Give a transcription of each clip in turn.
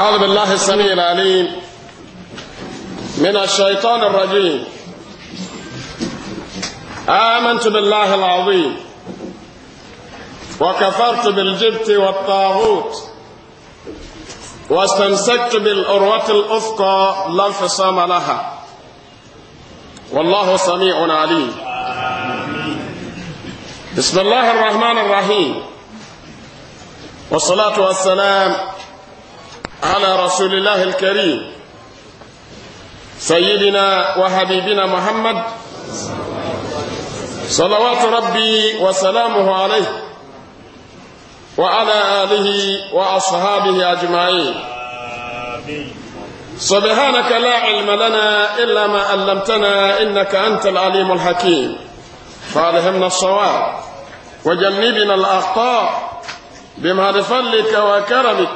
أعوذ بالله السميع العليم من الشيطان الرجيم آمنت بالله العظيم وكفرت بالجبت والطاغوت واستمسكت بالأروة الأفقى لا انفصام لها والله سميع عليم بسم الله الرحمن الرحيم والصلاة والسلام على رسول الله الكريم سيدنا وحبيبنا محمد صلوات ربي وسلامه عليه وعلى آله وأصحابه أجمعين سبحانك لا علم لنا إلا ما علمتنا إنك أنت العليم الحكيم فألهمنا الصواب وجنبنا الأخطاء بما لفلك وكرمك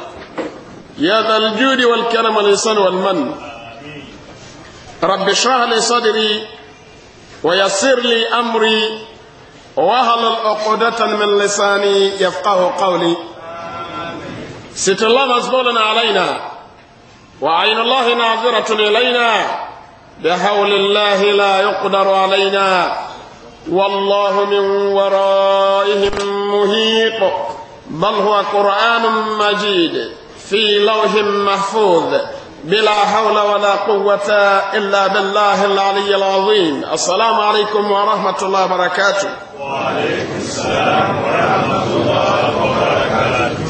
يا ذا الجود والكرم والإحسان والمن رب اشرح لي صدري ويسر لي أمري وهل العقدة من لساني يفقه قولي ست الله مزبولا علينا وعين الله ناظرة إلينا بحول الله لا يقدر علينا والله من ورائهم مهيق بل هو قرآن مجيد في لوح محفوظ بلا حول ولا قوة إلا بالله العلي العظيم السلام عليكم ورحمة الله وبركاته وعليكم السلام ورحمة الله وبركاته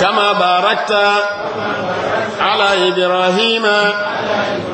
كما باركت على إبراهيم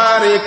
mubarak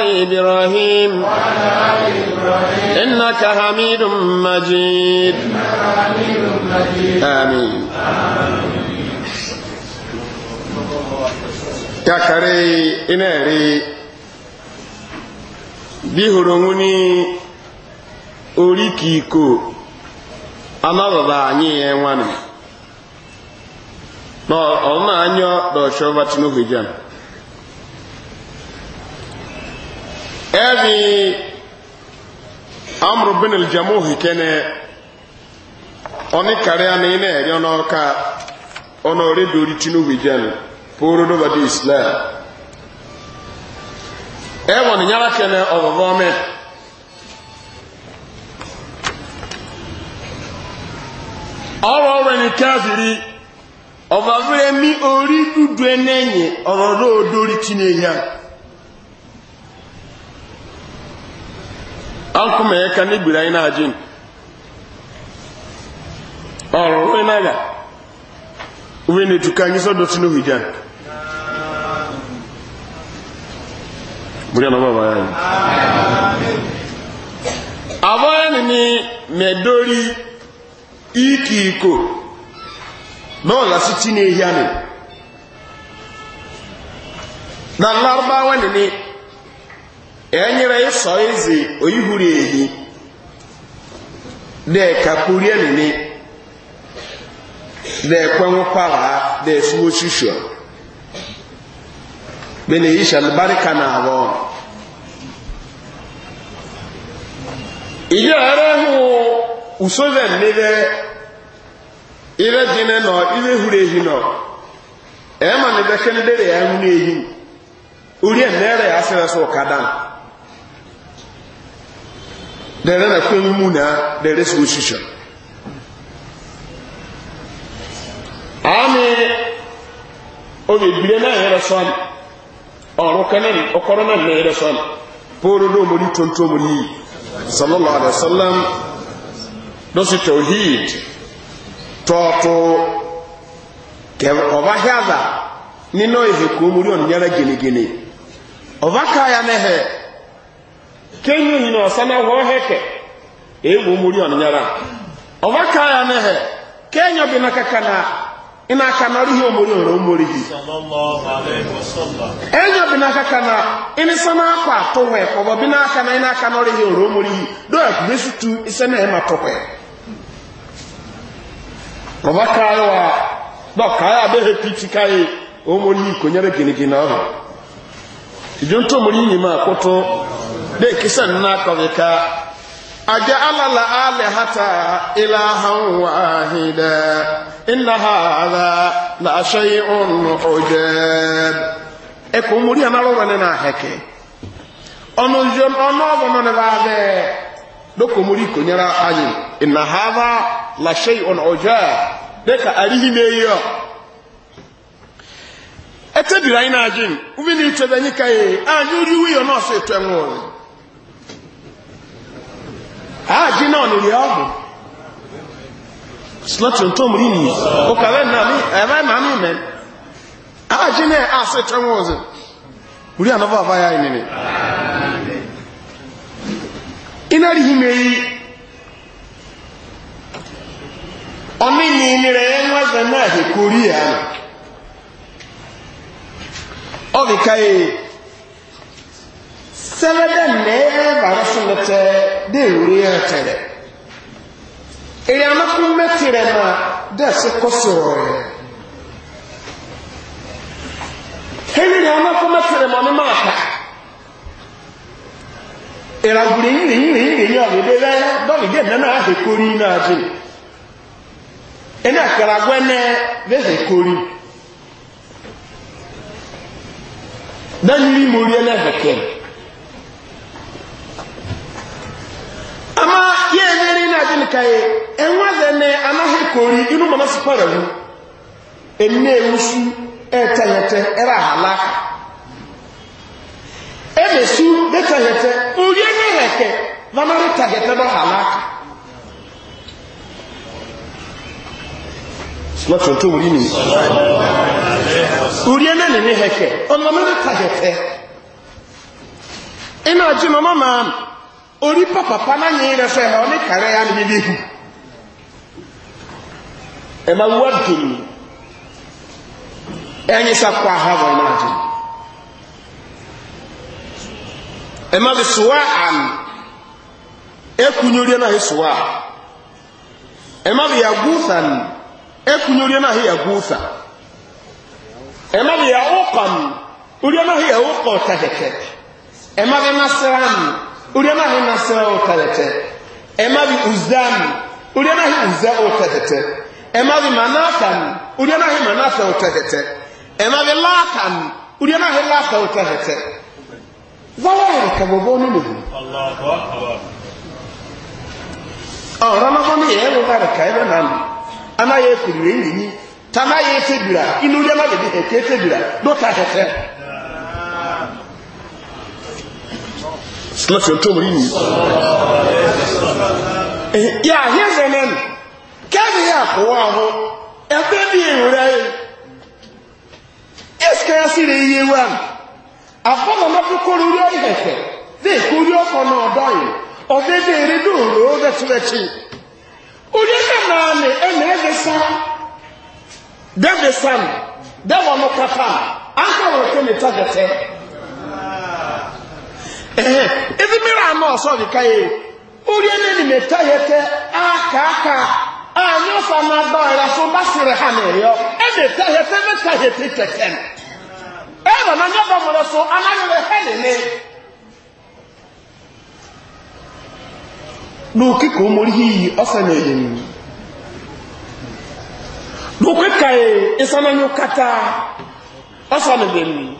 آل إبراهيم وعلى آل إبراهيم إنك حميد مجيد آمين kakare ina re bí horo ń ní orí kìí anyọ ɛbi amuru bin aljamuhi kɛnɛ ɔni kariya ni ne yɛrɛ ɔnɔ ka ɔnɔ ore dori tinubu jɛn pooro noba di islam ɛwɔni nyara kɛnɛ ɔbɔbɔmɛ ɔrɔ wɛni kafiri ɔbɔbɔmɛ emi ori dudu ɛnɛnyi an kuma ya kan anyị na jin ọ̀rọ̀ ina ga uwe ne ka anyị sọ dọtí n'ohi jan buriya na ya yi abọ́ ni mẹ́dórí na ni enyere ịsọ ezi oyihuru ehi deka kurie nini dekwenwu pawa desuwo shusho bene isha barika na abọ ihe erehu usove mmiri ire jine nọ ire huru ehi nọ ema na ebeke ndị ya ehu n'ehi uri emere ya asịrị there na kwemi mu na there is solution ami o ye bire na yere so ami oro kanen okoro na me yere so ami poro do mo ni tonto mo ni sallallahu alaihi wasallam do si tauhid toto ke oba hiaza nino ihe ko mo ri on nyara gene gene oba ka ya kenyu na ɔsana hɔ hɛkɛ ewu omuri ɔnyara ɔba ne kenya bi na kaka na ina aka na ɔrihi omuri ɔrɔ omuri enya na kaka na ina sana akɔ ato hɛ ya bi na aka na ina aka na ɔrihi ɔrɔ na ɛma ɔba wa dɔ konyere ɔhɔ de kisa nna kɔbika aja alala ale hata ilahan wahida inna hada la shay'un ujab e ko muri ana ro na heke ono jem ono bo no ne baade do ko muri ko nyara anyi inna hada la shay'un ujab de ka arihi me yo etedira ina ajin ubi ni tebe nyika ye anyi uri wi yo no se twenwo ààjí náà ni rí ọ́gbùn slọ́tún tó mú ní ọkàwẹ́ náà mí mẹ́ ààjí náà àṣẹ tẹ́wọ́n ọ̀zẹ̀ orí ànábà àbáyá ìnìyàn iná rí hí mẹ́rí ọmọ ìnìyàn rẹ̀ ẹ̀wọ́n náà hẹ̀kórí ẹ̀ ọ̀rìkáyé sẹ́lẹ̀dẹ̀ mẹ́rẹ̀ bàrẹ́ fún dé ìwúrí yẹn tẹ̀lẹ̀ èyí anákú mẹ́tìrẹ̀ náà rẹ̀ henry anákú mẹ́tìrẹ̀ mọ́ ní máa kà ìràgùrì yìí yìí yìí yìí ọ̀rọ̀ rẹ̀ dọ́ọ̀lì dé nínú àhèkórí náà jù ẹni àkàràgbọ́ mo rí ẹnẹ́ kaye enwa zene anahi kori inu mama sipara wu enne ewusu etehete era halaka ebesu detehete uye ne reke vanare tahete do halaka lọ́tún ụdị wùrí ní orí ẹ̀nà nìní hẹ̀kẹ̀ ọ̀nà mẹ́rin tàgẹ̀tẹ̀ iná jí mọ́mọ́ máa orí pàpàpá náà yìí rẹ̀ sọ ẹ̀họ́ ní kàrẹ́ ya ní bíbí hù ẹ̀ máa wá dùn ẹ̀yìn sàkó àhàbọ̀ náà jù ẹ̀ máa fi sùwà àmì ekunyori náà sùwà ẹ̀ máa fi yàgùsà nì ekunyori náà yàgùsà ẹ̀ máa fi yàwó kọ̀ nì orí náà yàwó kọ̀ tẹ̀kẹ̀kẹ̀ ẹ̀ máa fi náà sẹ́ra nì. uliona hina sera ukalete emavi uzami uliona hi uza ukalete emavi ma uliona hi manasa ukalete emavi lakan uliona hi laka ukalete zawari kaboboni nuhu Allahu akbar Oh ya yewe ka ebe nani ana ye kuriwe tana ye tebira inu uliona bebe heke sílẹ̀tì ọ̀tọ́ mọ̀ yìí yà hìzẹ̀ nẹ́nu kẹ́bí yà kọ́wọ́ ahọ́ ẹgbẹ́ bí ìwúrẹ́ yìí ẹ̀sìkẹ́yà sí rẹ̀ yìí wà ní àfọ́nà lọ́kọ́kọ́ rí orí ẹ̀fẹ̀ dé kó rí ọkọ̀ náà ọ̀dọ́ yìí ọ̀dẹ́ dé eré dòrò bẹ́tùbẹ́tì orí ẹ̀fẹ̀ náà the ẹ̀mẹ́ ẹ̀fẹ̀ sá dẹ́bẹ̀ sá ni dẹ́wọ̀n kọ́ta àkọ́wọ̀ kẹ́mi tágẹ̀tẹ́ ehe ezi mmiri anọ ọsọ dị ka ya orie e e na ni meta yete aka aka anyị ọsọ na ada ọrịa so gbasịrị ha na ịyọ emeta yete meta yete tekem ebe na nyaba mụrụ so anaghịrị ha nene n'oke ka omori ihe iyi ọsọ na eyi n'oke ka e, ịsananyụ kata ọsọ na eyi m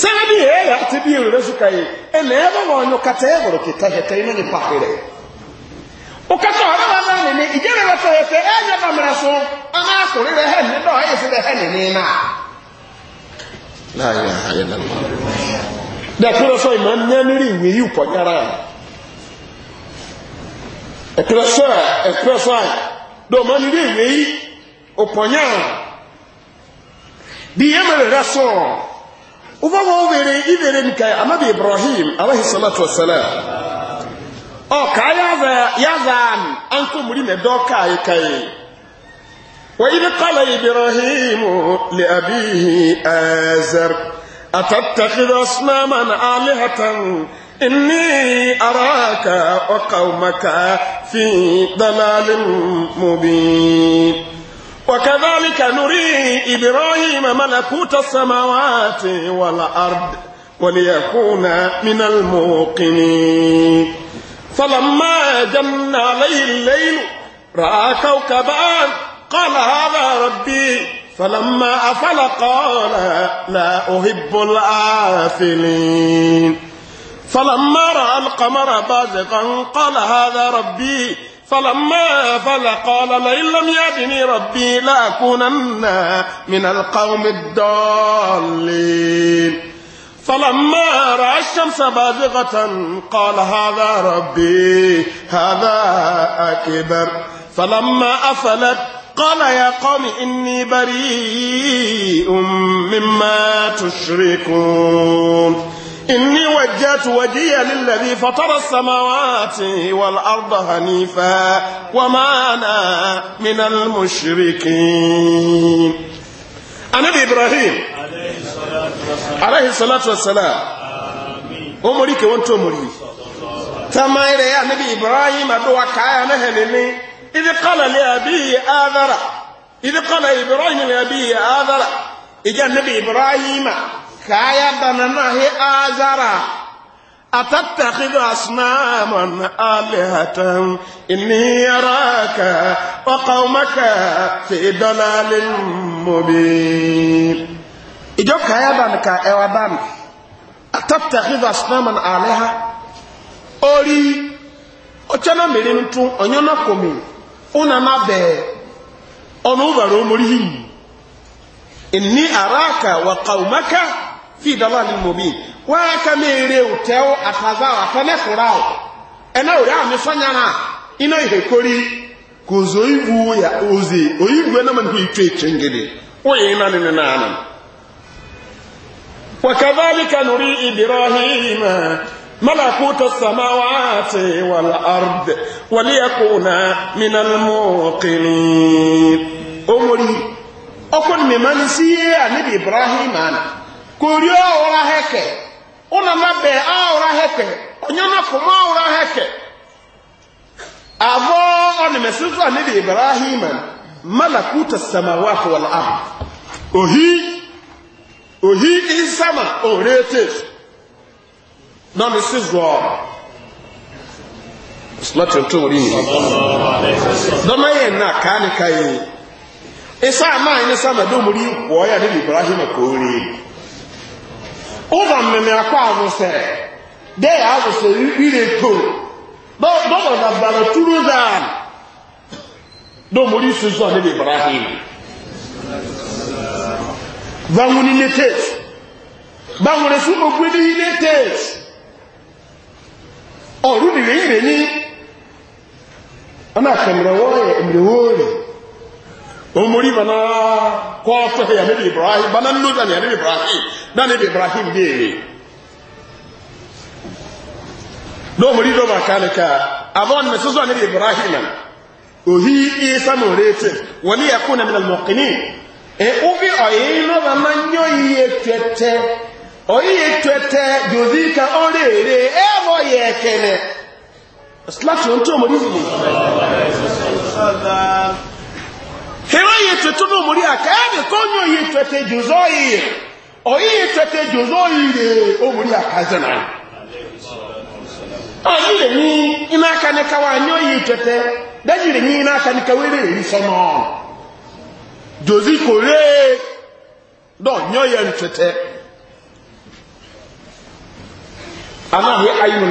sɛbi yɛ yɛ ati bi yɛrɛ su ka e ye ɛnna ɛbɛ wɔn no kata yɛ wɔrɔ kita hɛtɛ yi na ni paaki e rɛ e o ka sɔ ɔdɔ wɔn nan nini ìjɛ bɛ wɔtɔ yɛ fɛ ɛ nyɛ bamana so ɔna akori rɛ hɛ nini dɔ ɛyɛ fi rɛ hɛ nini na. láyé ayé lẹ́nu. dàkúrò sọ ìmọ̀ nyániri ìwé yìí pọ̀ nyara ẹ̀kúrò sọ ẹ̀kúrò sọ dọ̀mọ́ nílé ìwé yìí ọ̀pọ̀ nyara bí yẹ́mẹ̀rẹ̀ rẹ sọ̀rọ̀ uvaho vere ivere mkaya amabi Ibrahim alayhi salatu wassalam oka yaza yazan anko mulime doka yekaye wa idh qala Ibrahim li abihi azar atattakhidhu asnaman alihatan inni araka wa qaumaka fi dalalin mubin وكذلك نري إبراهيم ملكوت السماوات والأرض وليكون من الموقنين فلما جن عليه الليل رأى كوكبا قال هذا ربي فلما أفل قال لا أحب الآفلين فلما رأى القمر بازغا قال هذا ربي فلما فل قال لئن لم يهدني ربي لأكونن من القوم الضالين فلما رأى الشمس بازغة قال هذا ربي هذا أكبر فلما أفلت قال يا قوم إني بريء مما تشركون إني وجهت وجهي للذي فطر السماوات والأرض هنيفا وما أنا من المشركين النبي إبراهيم عليه الصلاة والسلام أمريك وانت أمريك تما إلى يا نبي إبراهيم أدوى كايا نهلني إذ قال لأبي آذر إذ قال إبراهيم لأبي آذر إجا نبي إبراهيم kaya banana he azara أتتخذ أصناما آلهة إني أراك وقومك في ضلال مبين إجوك يا بانك يا بان أتتخذ أصناما آلهة أولي أتنا مرينتو أنينا كومي أنا نبي أنو ضروري إني أراك وقومك fi dala ni mobi waa ka meere o tẹ o ataza o atẹnẹ sora o ẹnna o ya ihe kori kò zo ibu ya oze oyibu ẹnna mọ nìkan ètò ètò ngede o na iná nínú náà nà. وكذلك نري إبراهيم ملكوت السماوات والأرض وليكون من الموقنين أمري أكون ممن سيئة نبي إبراهيم kòrí ọ̀húra hẹ́kẹ̀ ọ̀nà má bẹ̀ ọ̀húra hẹ́kẹ̀ ọ̀nyọ́nà kòmọ́ ọ̀húra hẹ́kẹ̀ àbọ̀ ọ̀nìmẹ̀sísọ àníbi ibrahim malakuta samawa wàlá ahù òhì òhì ìsàmà òrètè nọ́ọ̀nì sísọ láti ọ̀tún orí yìí dọ́nà yẹn náà káàní káyé ìsàmà ìnísàmà níbi kò rí i. ụzọ mmemme akwa azụsịrị dee ya azụsịrị ireto dọdọ na bara turu zan domori isusu ọdịda ibrahim banwuni netet banwere su ogwedi netet ọrụ nire ire ni ọ na-akọ mrewo ya omori mori kɔɔtɔ ya ne bi ibrahim bana nu da ne ya ne bi ibrahim da ne bi ibrahim de n'omori dɔ ma kaa ne ka avon mɛ soso ne bi ibrahim ohi isa mo reete wani ya ko na mina mɔkini e obi ɔye no ba ma nyɔ iye tɛtɛ ɔye tɛtɛ jozi ka ɔreere ɛwɔ e yɛ kɛnɛ silati o n tó omori fi. hero yi tuntun ní omori àkàyèmí kónyó yi oyi yi tuntun jùzọ yi re omori àkàyèmí náà ọdún lè ní iná kaníkawá nyó yi tuntun dájú lè ní iná kaníkawá eré yìí sọmọ jòzí kò ré dọ̀ nyó yẹ tuntun anáhìí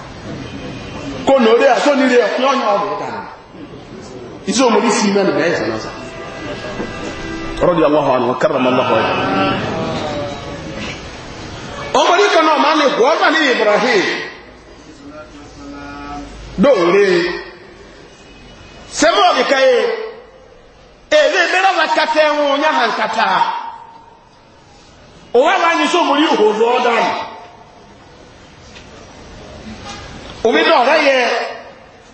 kó nà orí àtó nílé ẹ̀kún ọ̀yàn ọ̀rọ̀ ìdá rẹ̀ ìṣó mo rí sí iná nìgbà ẹ̀sán náà rọ́dí aláhùn àwọn kárọ̀ mọ́ lọ́hùn ẹ̀. ọmọ orí kan náà máa ní ìgbọ́ ọ̀gbà ní ibrahim dóòrè sẹ́mọ̀ọ̀dì káyé èdè ìbẹ́rẹ́ wa kàtẹ́ wọn yáhàn kàtà òwò àwọn àyìnṣó mo rí òhòòzò ọ̀dà rẹ̀. obi dɔ ɔbɛ yɛ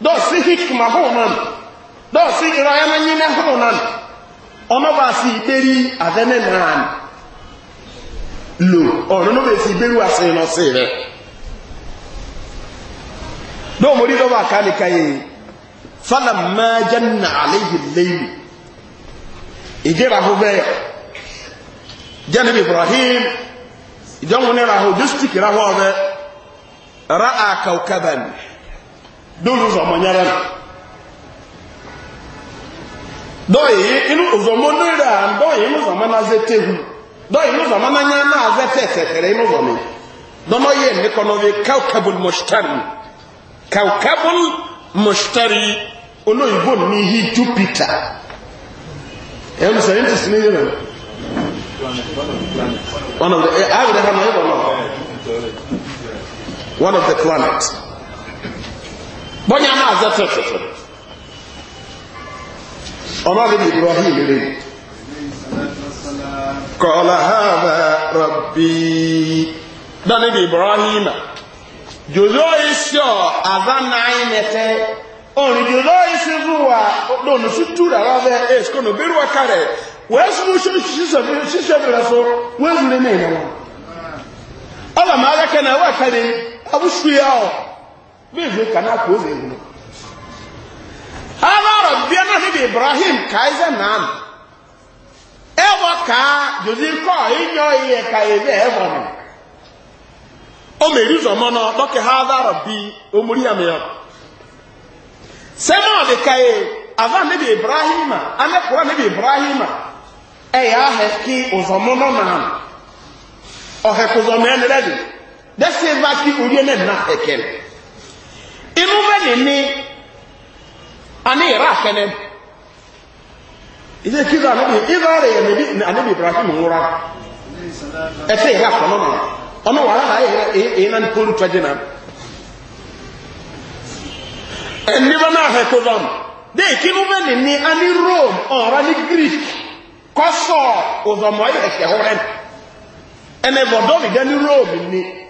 dɔ si hikima honan dɔ si irayama nyina honan ɔno ba si iberi adɛnɛ nan lo ɔno no bɛ si iberi ase no se rɛ dɔ mo di dɔ ba ka nika ye fana maa janna alehi leyi ìjẹra ho bɛ jẹni ibrahim ìjọ ŋun ra ho joseph ra ho bɛ ra'a kawkaban dóòlù zọmọ nyara nù dɔyi inu zɔmɔ nira dɔyi inu zɔmɔ na zɛ tehu dɔyi inu zɔmɔ na nya na zɛ tɛ tɛtɛrɛ inu zɔmɔ dɔmɔ yɛ ne kɔnɔ bi kawkabul mɔsitari kawkabul mɔsitari olóyìnbó ni hi jupiter ɛ musa yɛn ti sini yɛlɛ. one of the planet. Eh, one of the ɛ awo de one of the planets. Bonyama bọ́nyá máa zẹ́ tẹ̀tẹ̀tẹ̀ ọlọ́rin ibrahim rẹ̀ kọ́lá hàbà rabbi dánil ibrahim jòzó iṣẹ́ àzánáì nẹ́tẹ́ òrìn jòzó iṣẹ́ rúwà lónìí sí túrà rárẹ́ èsìkò nù bírúwà kárẹ̀ wẹ́sùn ṣíṣẹ́ bẹ̀rẹ̀ so wẹ́sùn lé ní ìrẹ̀wọ̀n ọlọ́mọ alákẹ́ náà wà kárẹ̀ abusua hɔ bɛyɛ kana kuro na ewu no alaara bia na hebe ibrahim kae sɛ naam ɛwɔ kaa jose kɔɔ enyɔ yɛ ka ebe ɛwɔ no ɔmɛ eri zɔmɔ no dɔkɛ ha alaara bi omori amea sɛm a ɔde kae ava nebe ibrahim a anakora nebe ibrahim a ɛyɛ ahɛ ki ɔzɔmɔ no naam ɔhɛ kɔzɔmɔ ɛnɛ lɛ de dɛsɛ vaki orie ne na ɛkɛn inu bɛ ne ni ani yɛrɛ afɛnɛ ilé kí ló anabi ibare yɛ nebi anabi ibrahim nwura ɛfɛ yɛrɛ afɔnɔ ma ɔno wàhálà ha yɛrɛ eyi nani polu tɔdzi na ɛniba náà hɛ kó dɔn de kinu bɛ ne ni ani rome ɔra ni greek kɔsɔ ɔzɔmɔ yɛ ɛfɛ hɔrɛ ɛnɛ bɔdɔ mi dɛ ni rome ni.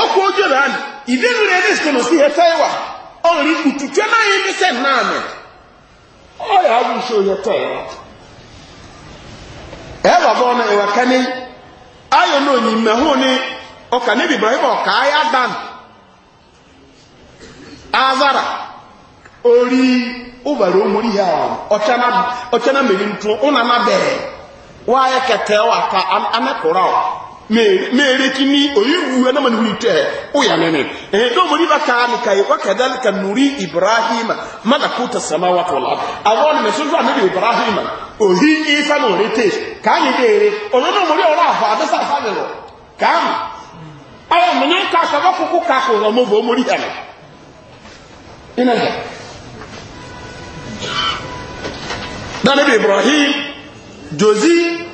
ọkụ ojú rẹ̀ àmì nwere ebe rẹ̀ ní ihe sí ọ wà ọ̀rọ̀ ìkùtù tí ó máa yẹ níṣẹ́ náà mẹ́ ọ̀yà awù iṣẹ́ oyè tọ̀ ẹ̀ ẹ̀ wà bọ́ ọ̀nà ìwà kẹ́ni ayọ̀ náà ní mẹ́hún ibrahim azara ori ụbara omori ya ọchana meri ntụ ụna na bẹ̀rẹ̀ merekini oyiwuwe na mani hulite uyanene eh do muri bakani kai wa kadhalika nuri ibrahima malakuta samawati wal ard awon mesunzu anabi ibrahima ohi isa no rete kani dere onono muri ora afa da sa fa lero kam ayo mena ka ka ba ku ka ko ro mo bo muri yana ina da da nabi ibrahim jozi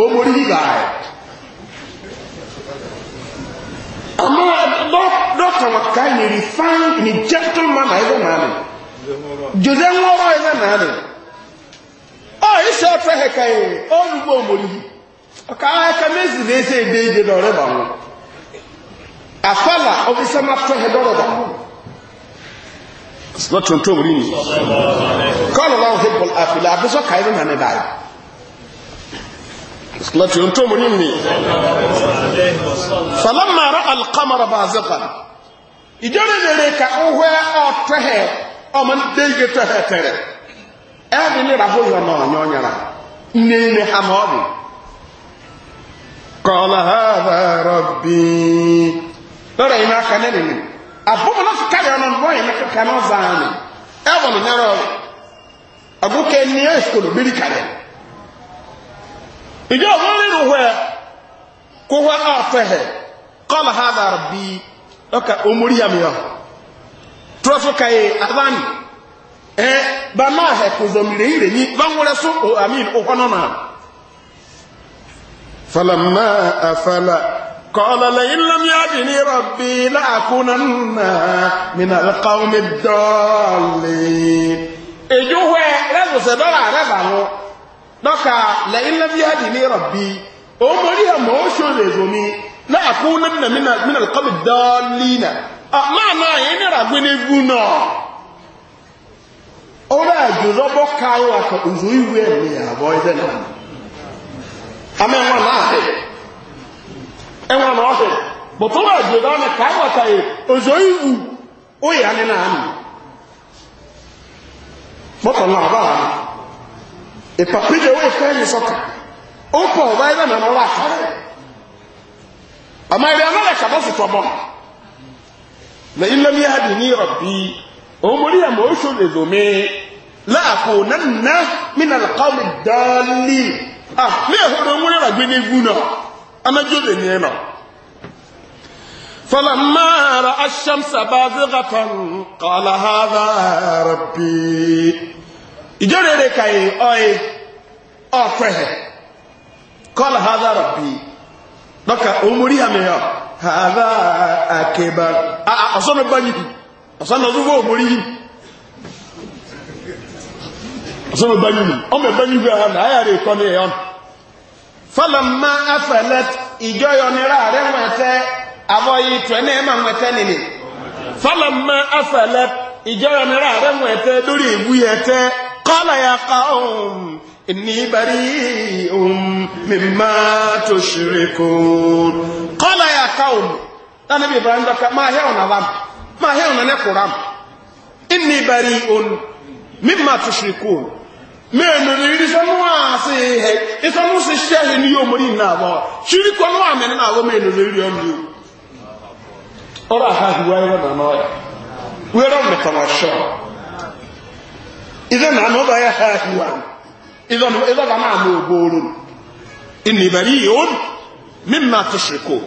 omori yìí báyìí àmọ́ dọ́kítà ká ní rìfáìn ní jẹ́tọ́ mama ẹ̀rọ náà nì jòdè ńlọrọ ẹ̀rọ náà nì ọ ìṣe ọ̀fẹ́ ẹ̀ka yìí ó ń gbọ́ omori yìí ọ̀ka ẹ̀ka méjì lè ṣe èdè ìdè lọ́rẹ́ bá wọn àfàlà ọ̀fíṣẹ́ máa tọ́ ẹ̀ lọ́rọ̀ bá wọn. lọ́tún tó wúrí nìyí kọ́ ọ̀nà wọn hẹ́pọ̀ àfìlà àbísọ̀ káyọ̀ náà ní báyìí láti ohun tó mọ̀rí mi falamara alkamara ba zafan ìjọba ìrere ka ohwe ọtọhẹ ọmọ ndị ige tọhẹ tẹrẹ ẹbí ní rahụ yọ na ọnyọ nyara nne nne ha ma ọ bụ kọla ha ba rọbi lọrọ ime aka nene mi abụọ na fika ya ọnụ mbọ ya mekaka n'ọzọ anyị ẹbọ nọ nyere ọrụ agụkọ enyi ya esikọlọ ìjọ òun rírù wẹ kó wá àfẹhẹ kọlà ha dàrà bí ọkà omori yàmìyà tùrọ̀fù kàyé àbáni ẹ bá máa hẹ kò zọmìrì yìí rèyí bá ń wọlé sún àmìn òkọ náà náà. فلما أفل قال لئن لم يهدني ربي dọ́ka lẹ́yìn lẹ́bí na ní rọ̀bí òun mọ̀rí àmọ́ ó na èzò e e, mi náà kú nínú mínà kọ́bì dọ́ọ̀lìnà máa náà yẹn ní ràgbé ní gú náà ó rà àjòzọ́ bọ́ káyọ̀ àkọ́ òzò ìwé ẹ̀mí àbọ̀ ẹ̀dẹ̀ náà na ìpàpíjẹ owó ìfẹ́ ẹ̀yìn sọ́kà ó pọ̀ ọ̀bá ẹgbẹ́ mẹ́rin ọlá àkàrẹ̀ àmà ìrìn amẹ́rẹ̀ kàbọ̀ sì tọ́bọ̀ na ilẹ̀ mi hadi ní rọ̀bì òun mo rí àmọ́ oṣù lè lòmí láàkó nánà mínà làkọ́lì dálí à ní ẹ̀họ́rọ̀ wọn rà gbé ní ewu náà anájọ́ lè ní ẹ̀nà فلما رأى الشمس باذغة قال هذا ربي إجري ركاي أي ọ̀pẹ̀hẹ̀ kọ́lá hádá rọ̀bì lọ́kà òmùrí àmìyàn hádá àkẹbà ọ̀sọ́nà bá yìí ọ̀sọ́nà ọdúnwó òmùrí yìí ọ̀sọ́nà bá yìí ọmọ na. yìí gbà hàn áyà rẹ̀ kọ́ ní ẹ̀yọ́n fọlọ́mà afẹ́lẹ́ ìjọ yọnira rẹ̀ wẹ̀tẹ́ abọ́yì tẹ̀lé ẹ̀mà wẹ̀tẹ́ nìní fọlọ́mà إني بريء مما تشركون قال يا قوم النبي إبراهيم ما هي ونظام ما هي ونقرام إني بريء مما تشركون mẹ́rin ní ìsọ́nú àṣẹ ìhẹ́ ìsọ́nú sí ṣẹ́lẹ̀ ní yóò mọ́rí ìnáwọ́ ṣíríkọ́ ní àmì nínú àwọn إذا إذا جماعة يقولون إني بريء مما تشركوا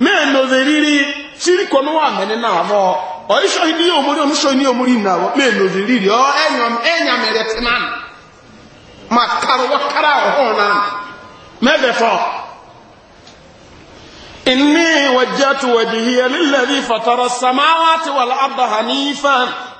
ما إنه ذريري سيركون وامن النار أو إيش هني يومري أو إيش هني يومري النار ما إنه ذريري أو أنيم أنيم رتنان ما كارو كارو هونا ما بفا إني وجهت وجهي للذي فطر السماوات والأرض حنيفا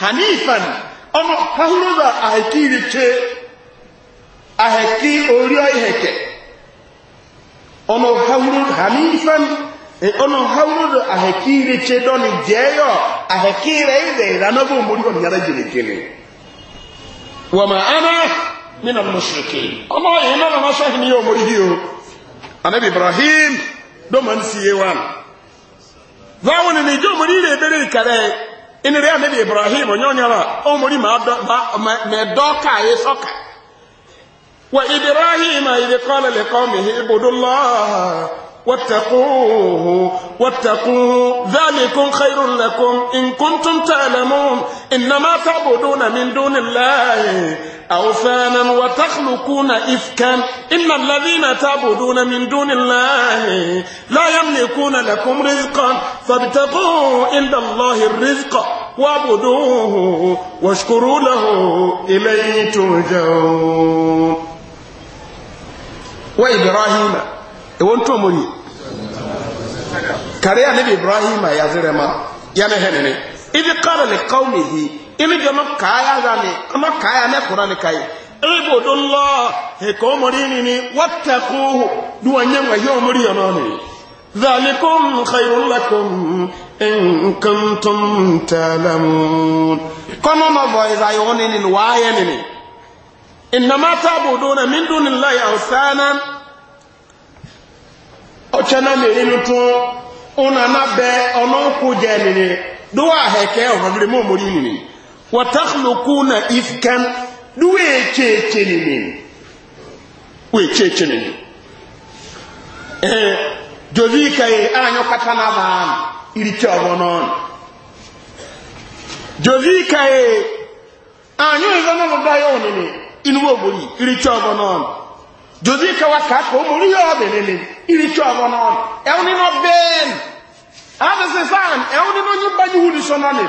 hanifan ọmọ kahuruba ahẹ̀kí ìrìkẹ́ ahẹ̀kí orí ọ̀hẹ̀kẹ́ ọmọ kahuruba hanifan e, ọmọ kahuruba ahẹ̀kí ìrìkẹ́ dọ́ni jẹ́yọ ahẹ̀kí rẹ̀ ilẹ̀ ìrànlọ́bọ̀ mọ́ríwọ̀ ní ara jìnnìkẹ́lẹ̀ wọ́n ma ana nínú mọ̀ṣẹ̀kẹ́ ọmọ yìí náà wọ́n ṣe ní ọmọ yìí o anabi ibrahim dọ́mọ̀ ń siye wa báwo ni ìjọ́ mọ̀ ní ilẹ̀ ìbẹ̀rẹ̀ ìkàrẹ́ ini rea nabi ibrahim onyonyara omori ma doka ye soka wa ibrahim idh qala liqaumihi ibudullah واتقوه واتقوه ذلكم خير لكم إن كنتم تعلمون إنما تعبدون من دون الله أوثانا وتخلقون إفكا إن الذين تعبدون من دون الله لا يملكون لكم رزقا فابتغوا عند الله الرزق واعبدوه واشكروا له إليه ترجعون وإبراهيم وانتم مريد كريا نبي إبراهيم يا زرما يا نهنني إذ قال لقومه ili bi ama kaaya zani ama kaaya ne kura ni kai ibudullah he ko mori ni ni wattaquhu duwa nyangwa hiyo mori yanani dhalikum khairul lakum in kuntum talamun kama ma boy za yoni ni waye ni ni inma ta'buduna min dunillahi awsana ochana meri nutu una na be ono ku je ni ni duwa heke o mori mo ni ni watakhluquna ifkan duwecechenini wecechenini eh jovika ye anyo katana ban iriche obonon jovika ye anyo izana mudayo nini inuwo buri iriche obonon jovika wakako muri yobe nini iriche obonon ewni no ben adese san ewni no ni nyuhudi sonani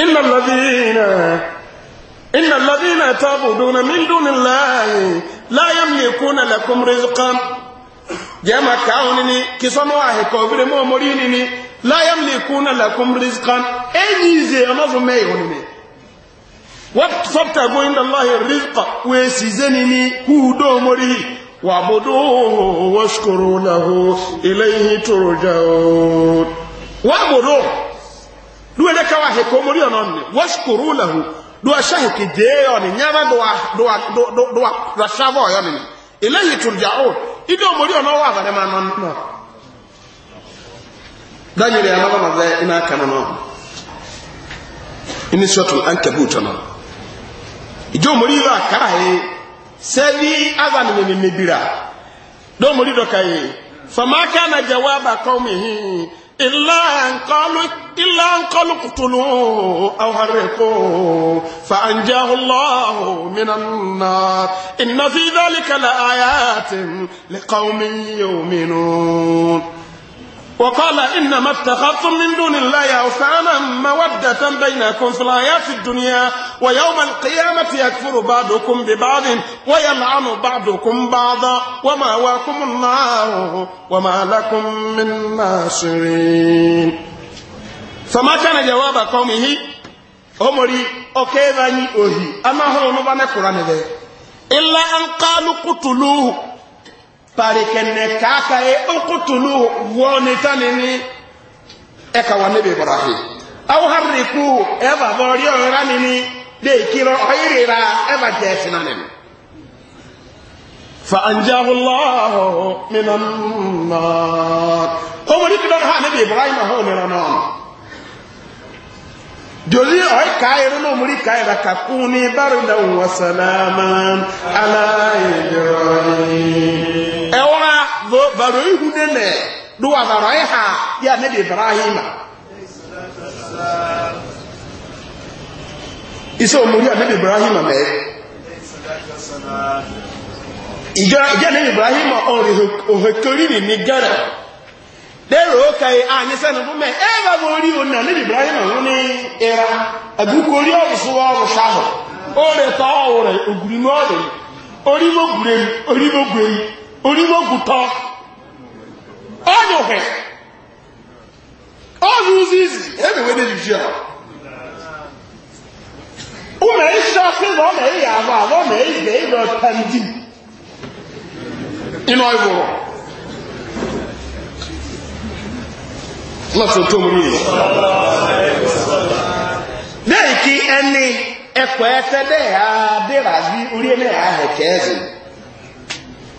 إن الذين إن الذين تعبدون من دون الله لا يملكون لكم رزقا جمع كاونني كسانو أهكو برمو مرينني لا يملكون لكم رزقا أي زي أمازو ميونني وابتغوا عند الله الرزق ويسيزنني هو دو مريه واعبدوه واشكروا له إليه ترجعون واعبدوه duwele kawa heko mori ono ne washkuru lahu duwa shahiki je yo ni nyama duwa duwa duwa duwa rashavo yo ni ilayhi turja'un ido mori ono wa bare ma non no danyele ya mama maze ina kana no ini suratul ankabut no ijo mori wa kara he sebi azan ni ni mebira do mori do kai na kana jawaba qaumihi إلا أن قالوا إلا أن قالوا اقتلوا أو هرقوا فأنجاه الله من النار إن في ذلك لآيات لقوم يؤمنون وقال إنما اتخذتم من دون الله أوثانا مودة بينكم في الحياة الدنيا ويوم القيامة يكفر بعضكم ببعض ويلعن بعضكم بعضا ومأواكم النار وما لكم من ناصرين فما كان جواب قومه أمري ذاني أوهي أما هو نبان القرآن إلا أن قالوا قتلوه parikene kaka ye okutulu woni tanini eka wa nabi ibrahim aw harriku eba bori o ranini de kiro oyirira eba jesina nen fa anjahu allah min annar o woni kidon ha nabi ibrahim ho ne ranon joli oy kairu no muri kaira kakuni bardan wa salaman ala ibrahim ɛwɔra baro ihu nene do wa baro ɛha yɛ ne de ibrahim isɛ omori a ne de ibrahim mɛ ìjọ ìjọ ne de ibrahim ɔrìn òhèkérì ni ní ghana lẹ́rọ ókè àyínsẹ́nu fún mẹ́ ẹ bá mo rí òun náà ní ibrahim ọ̀hún ní ìra àdúgbò orí ọ̀rùsùwọ̀ ọ̀rùsàhùn onímọ̀gùtọ́ ọ̀yọ̀hẹ̀ ọ̀rùzízì ẹ̀mẹ̀wé ní ìjọ ụmụ ịsha fịlọ ọmụ ịyị abụọ abụọ ọmụ ịgbè ịgbè ọtandị ịnọ ịbụrụ lọ́sọ̀ tó mú ní ìyí lẹ́yìn kí ẹni ẹ̀kọ́ ẹ̀fẹ́ bẹ́ẹ̀ á dèrà bí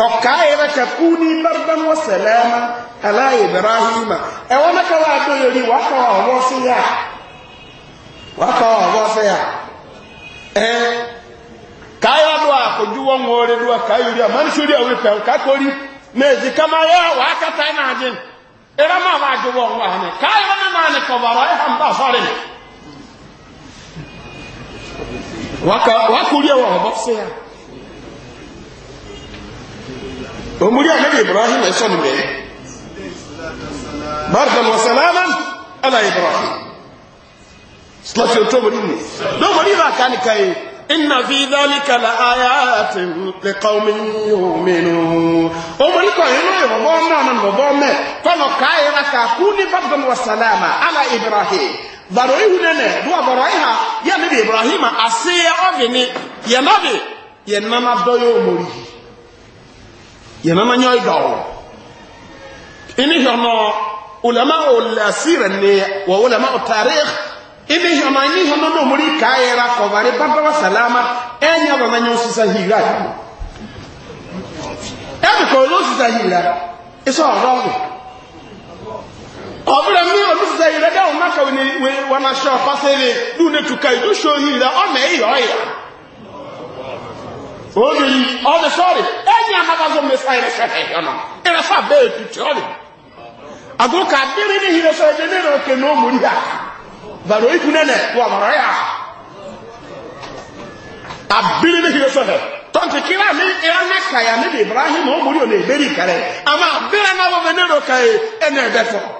kɔkaayɛrɛ ka kuuni bardan wa salama ala ibrahima ɛwɔ na ka waa do yori waa ka waa wɔn se ya waa ka waa wɔn se ya ɛɛ e, kaayɛ do a ko ju wɔn wɔɔre do a kaayɛ yori a man sori a wuli pɛn ka kori mɛzi kama yɛ waa ka taa naa omuri anabi ibrahim ẹsọ ni bẹẹ barkan wa salaman ala ibrahim slọti o tó mori ni lọmọdé bá ká nìkan yìí inna fi dhalika la ayati li qaumin yu'minun o mo ni ko yin lo yo bo ma na bo bo me ko lo ka e ra ka ku ni barkan wa salama ala ibrahim baro ihu ne ne do baro iha ya ni ibrahim ase ya obi ni ya nabi ya nana do yo mori yɛnana nyɛ idawo ini hɔnɔ ulama olasire ne wa ulama otarikh ini hɔnɔ ini hɔnɔ no muri kaayɛra kɔbari babawa salama ɛnyɛ bana nyɛ osisa hira ɛbi kɔ olu osisa hira isɔ ɔrɔbu ɔbɛrɛ mi olu osisa hira dɛ ɔmaka wani wani ahyɛ ɔfasɛlɛ du ne tuka idu so hira ɔmɛ eyi ɔyɛ oge yi ọdị sọrị enyi ahagazọ mesa ịrịsị ahịhịa nọ ịrịsị abịa etutu ọrị agụka adịrị n'ihi na sọrọ jene na oke na ụmụ ndị a bara ikwu nene wabara ya abịrị n'ihi na sọrọ tọ́ntì kí wàá ní ìran ní kàyà níbi ibrahim ọmọ orí ò ní ìbéèrè ìkàrẹ̀ àmọ́ abẹ́rẹ́ náà wọ́n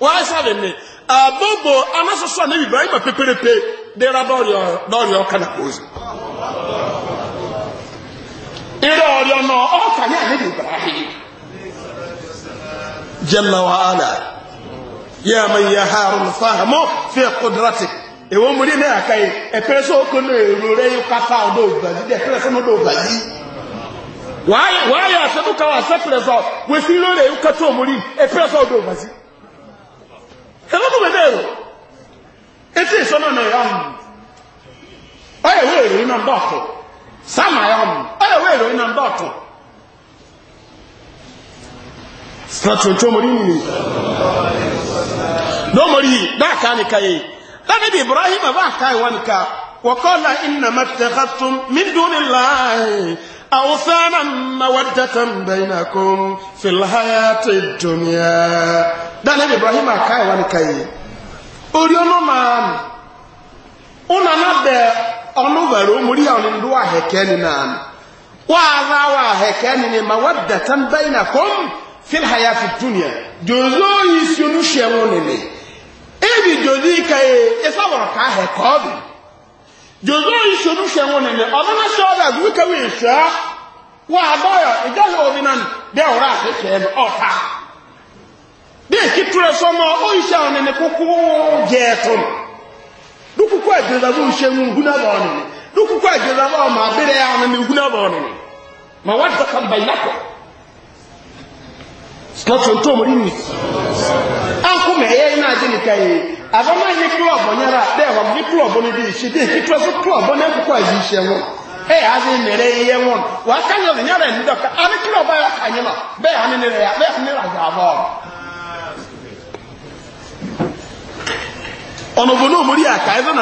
wàá sáré ni àgbógbò amásoso àná ibrahim pépérépé dèrà dọ́ọ̀rì ọ̀kan náà kóòsì. ìrẹ̀ ọ̀rì ọ̀nà ọ̀kan ní àná ibrahim. jẹ́nà ala yẹ́ àmọ́ ìyá harun fáhámọ́ fi kudratì èwo mu ní ní àká yìí ẹ̀pẹ́rẹ́ sọ ọkọ náà èrò rẹ̀ yóò kápá ọ̀dọ̀ wàá yà wà lórí ẹlọ́dún bẹ̀bẹ̀ ẹ̀rọ etí ìsọ́nà náà yà mú ọ̀yẹ̀wé èrò iná dọ̀tọ̀ sáàmà yà mú ọ̀yẹ̀wé èrò iná dọ̀tọ̀ sàtò tó mọ̀rí nìyí lọ́mọ̀rí dáàkà nìka yìí lábẹ́bí ibrahim bá àkà ìwọ nìka wọ́kọ́ la ìnàmà mí dúró أوثانا مودة بينكم في الحياة الدنيا دانا إبراهيم أكاي وانكاي أريونا مان أنا نبدأ أنو برو مريا ونندوا هكين نان وعذا وهكين مودة بينكم في الحياة الدنيا جوزو يسيونو شيروني إبي جوزي كاي إسا ورقا هكوبي jòjò ìṣòro ṣẹ̀wọ̀n nìyẹn ọ̀nàmà ṣọ́ọ̀dà wíkẹ́ wí ìṣá wà àbáyọ̀ ìjọba omi náà bẹ́ ọ̀rọ̀ àṣẹṣẹ ẹ̀ ọ̀ta bí èkì túrẹ̀ sọmọ ó ìṣá ọ̀nà ní kókó jẹ ẹ̀tún dúkúkú ẹ̀jẹ̀dàbọ̀ ìṣẹ̀wọ̀n ìhúnàbọ̀ ọ̀nìyàn dúkúkú ẹ̀jẹ̀dàbọ̀ ọmọ abẹ́rẹ́ ọ̀nà ní ìhúnàbọ̀ ọ̀nìyàn mà wá dọ̀kan bàyàkọ̀ slọtụ ntụ omori nni ankụ mẹyẹ iná adé nìka yìí àbámá yìí klọọbù nyara bẹẹ wà ní klọọbù ní bí ìṣe bí èkìtú ẹsẹ klọọbù ní ẹkọkọ àyè ìṣe wọn ẹ yà á sì wọn wà á kányọ ní nyara ẹni dọkà ní klọọbù ayọ kànyìn àká ẹ̀fọ́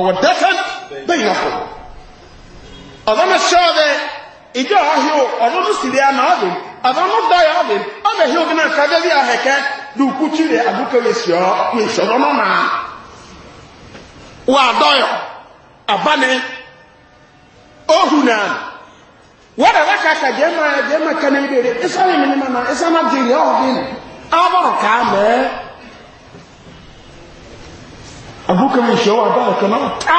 náà yìí ọ̀dọ́mọ sọ́ọ̀bẹ ìjọ ahìó ọ̀dọ́dún sì lè àmà ọ̀dùn ọ̀dọ́mọ dáyà ọ̀dùn ọ̀bẹ̀ hìó bí náà kájẹ́ bí ahẹ̀kẹ́ lùkú tí lè àbúkẹ́lẹ̀ sí ọ́ ní ìṣọ̀rọ̀ náà wà dọ́yọ̀ àbáni ohùnà wọ́n dàbẹ́ kàkà jẹ́mà jẹ́mà kẹ́nẹ́ ìbéèrè ìsọ́nà mi ni màmá ìsọ́nà jìrì ọ̀dùn ọ̀bọ̀rọ̀ kà á mẹ́ àbúkẹ́lẹ̀ sí ọ́ wà dọ́yọ̀ kẹ́nà ọ̀tá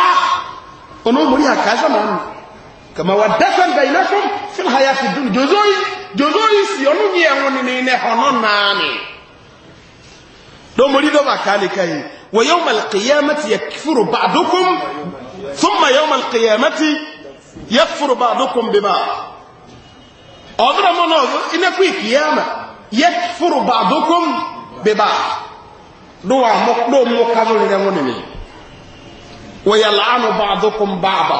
ọ̀nà òmùrí àkàzọ́ màmá kàmáwàdẹ́fẹ́ bẹ̀yìnẹ́fún fílhayàfi dùn jòzóyì sí ọ̀nà yìí ẹ̀wọ̀n ní ilẹ̀ ọ̀nà náà ni lọ́mọdé lọ́wọ́ àkàlẹ́kà yìí wọ́n yóò malkiyamati yẹ fúru bá dúkùn súnmọ̀ yóò malkiyamati yẹ fúru bá dúkùn bíbá ọ̀dọ́dọ̀ mọ́ náà inẹ́kú ìkìyàmà yẹ fúru bá dúkùn bíbá lọ́wọ́ mọ́ kájọ́ ní ẹ̀wọ̀n ni wọ́n yà láàánú bá dúkùn bá bá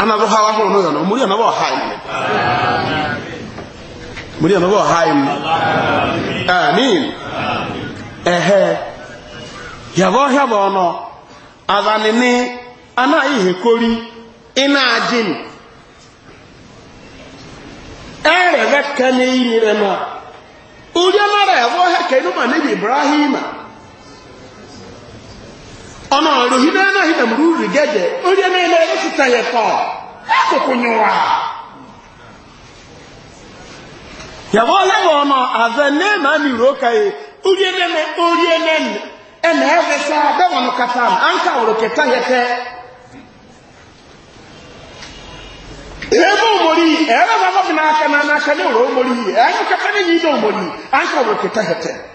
ana ha hawa ho no no muri ana ba ha ni muri ana ba ha ni amin ehe ya bo ya bo no azani ni ana ihe kori ina ajin ere ga kanyi ni re no uri ana re ha kai no ma ni ibrahima ọ̀nà ìròyìn náà ìdàmùrú rí gẹ́gẹ́ orí ẹ̀mẹ́ ilẹ̀ ẹ̀rọ ti tẹ̀yẹ̀ pọ̀ lákòókò yẹn wà. yàwó ọlẹ́wọ̀ ọmọ àfẹ nẹ́ẹ̀mà mi rò káyé orí ẹ̀mẹ́ orí ẹ̀mẹ́ ẹ̀mẹ́ ẹ̀fẹ́ sá bẹ́wọ̀n kàtà àǹkà òrò kẹta yẹ tẹ́. ẹ̀rọ ẹ̀rọ bàbá náà kẹ́ náà kẹ́ ní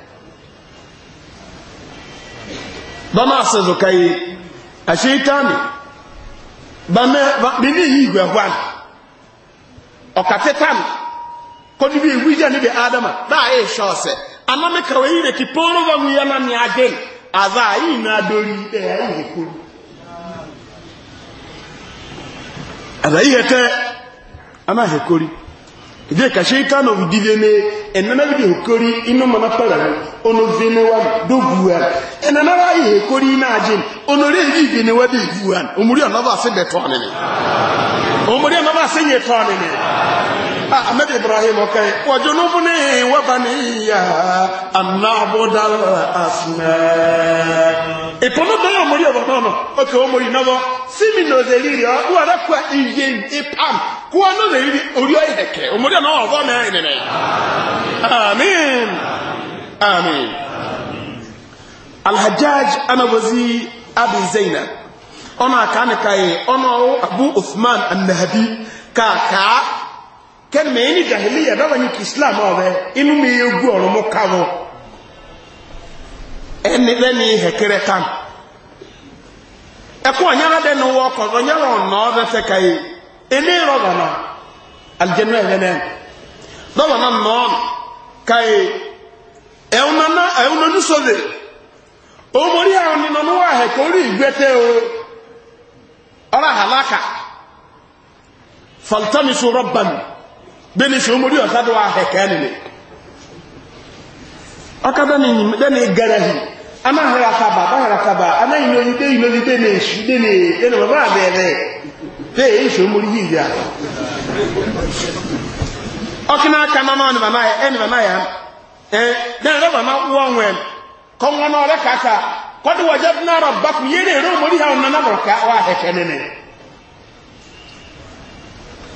bama asezo kai asheitani bame bini yi gwe hwan okatetan kodi bi wija ni be adama ba e shose ama me kawe yire kiporo ba mu yana ni agen aza yi na dori de ya kuru aza yi hete ama hekori ìdí kàṣẹ ìtànà òdìdé ní ẹ̀nàmẹ́bìdì òkórí inú mọ̀nà pẹ̀lẹ̀ onóvénéwà dógúwà ẹ̀nàmẹ́wà ìhè kórí iná ajé onórí èyí ìdínéwà dé ìgúwà omúrí ọ̀nàbà sí bẹ̀tọ́ nìní omúrí ọ̀nàbà sí yẹtọ́ nìní Ah, ahmed ibrahim ọkẹ wọjọ nubu ni wọba ni iya anabodal asinẹ. ìpọnú bẹ́ẹ̀ ọmọ yẹn bọ̀dọ̀ nọ òkè ọmọ yìí nọ́bọ̀ sími nà ọ̀dẹ̀ rírì ọ́ wọ́n adá kó iye ìpam kó wọn nà rírì orí ọ̀ ìdẹ̀kẹ̀ ọmọ yẹn náà ọ̀bọ̀ náà ìnìnẹ̀. amin amin. alhajjaj anabozi Abu zainab ọ̀nà àkànnìkà yìí ọ̀nà abu usman anahabi kàkà kẹ́ni mẹ́yìn ní jahiliya dábàá ní kí islam ọ̀bẹ inú mi yóò gbé ọ̀rọ̀ mú ká wọn ẹni lẹ́ni hẹ̀kẹ́rẹ́ kan ẹ̀kọ́ ọ̀nyára dẹ́ ni wọ́n kọ̀ ọ̀nyára ọ̀nà ọ̀bẹ fẹ́ ka yìí ẹni rọ̀bà náà alijanu ẹ̀rẹ́ náà dọ́bà náà nọ̀ ka yìí ẹ̀hún náà ẹ̀hún náà nísòlè òmòrí àwọn nínú ní wà hẹ̀kẹ́ orí ìgbẹ́tẹ́ o ọ̀rọ̀ àhàlákà fàlítàmísù rọ̀bà mi. bẹ́ẹ̀ni ṣe omori ọ̀sádọ́ ahẹ̀kẹ́ nìlẹ̀ ọkàdá ni dẹ́ni gẹ̀rẹ̀hì anáhàràkàbà báhàràkàbà anáyìn oyin dé ìlú ní dẹ́ni èṣù dẹ́ni dẹ́ni bàbá àbẹ̀ẹ̀rẹ̀ dẹ́ èyí ṣe omori yìí yà na aka mama mama mama nene.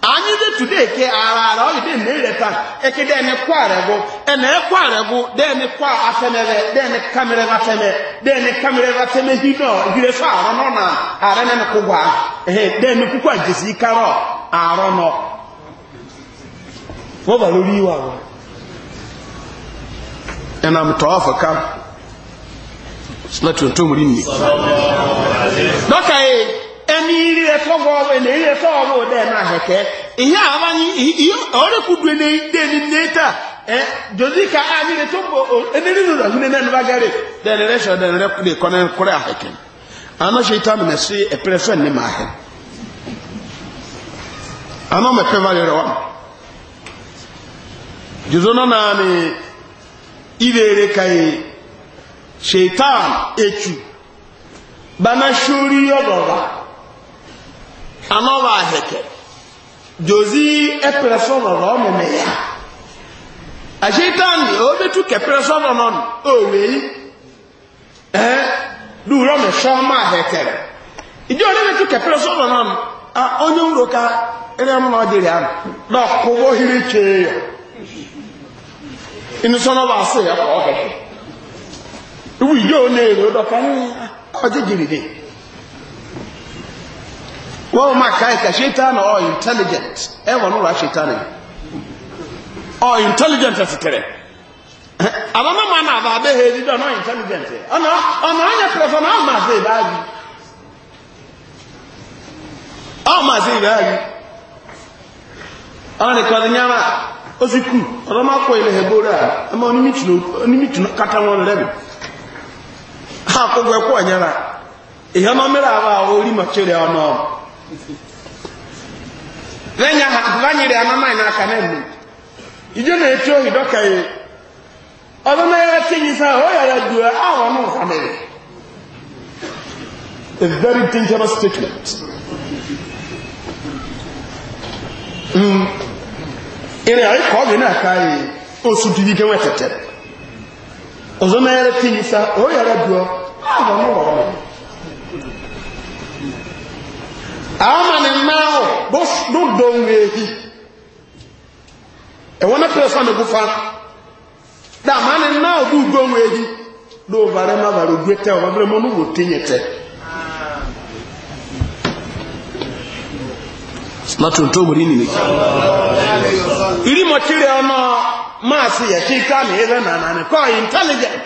anyị dị tude ke ara ara ọ dị na ireta eke dị ene kwa arego ene kwa afemere dị ene kamere vafeme dị ene kamere vafeme hino hire arọ nọ na ara na nkụgwa ehe dị ene kwukwa jesi karọ arọ nọ wọ́n bá awa. Ena wọn ẹ̀nà mùtọ́ ọ̀fọ̀ká láti ọ̀tọ́ mú rí ẹni rí ẹsọ gbọwọ ẹni rí ẹsọ ọwọ ọdẹ náà hẹkẹ ìyá àwọn yìí ọrẹ kù dùn ní dé ní níta ẹ jòzí ká ayé rẹ tó bọ ẹni rí nínú ọhún nínú bá gẹrẹ dẹni rẹ sọ dẹni rẹ kúrẹ kọnẹ kúrẹ ahẹkẹ àná ṣe tá mìíràn sí ẹpẹrẹ fẹ ní màá hẹ àná mẹpẹ bá yẹrẹ wa jòzó náà náà ni ilé rẹ kàyé ṣètàn ètù bana ṣórí ọ̀bọ̀ra anọba ahẹkẹ jozi ẹpẹrẹ sọnọ lọ mẹmẹ ya àṣetán ni ó bẹtú kẹpẹrẹ sọnọ nọ nù òwe yìí ẹ lùrọ mi sọ ọmọ ahẹkẹ rẹ ìdí ọdẹ bẹtú kẹpẹrẹ sọnọ nọ nù a onye ń roka ẹni ọmọ náà dìrì àná náà kó wọ́n hiri tse yọ inú sọnọ bá sè é ọkọ ọkẹ ìwú ìjọ ò ní èrè ó dọkọ ọjọ wọ́n máa ká ẹ̀kà ṣetánà or intelligent ẹwọ̀n ó rà ṣetánà or intelligent ẹ̀fẹ̀tẹ̀rẹ̀ àwọn mọ́mọ́ náà bá bẹ́ẹ̀ hẹ́ dídọ̀ náà intelligent ọ̀nà ọ̀nyẹ ọ náà máa ṣe ìbáàgì ọ̀ máa ṣe ìbáàgì ọ̀nà nìkan ní ó sì kú ọ̀dọ́ máa kọ ilẹ̀ ẹ̀bọ́rẹ́ à Ha onímìtìnú kátà wọn rẹ̀ lẹ́yìn àbúbányìí rẹ̀ amámáì náà kà náà mú ìjọ náà tí ó ìdọ́kà yìí ọdún náà yára tí yìí a very dangerous statement Mm àríkọ́ ọ̀gbìn náà ká yìí oṣù dìbí gẹ́wẹ́ tẹ̀tẹ̀ ọdún náà yára tí yìí sáà ama ne mma ahụ dodo nwa ehi ɛwɔ e ne pere da ama ne mma ahụ do ugo nwa ehi na vare ma vare ogwe tɛ ɔba bere mo no wo te nye tɛ. látòntó wòlí nìyí. ìrìmọ̀kiri ọmọ maasị ya yẹ kí ká na ẹ̀rẹ́ nàánà ni ọ intelligent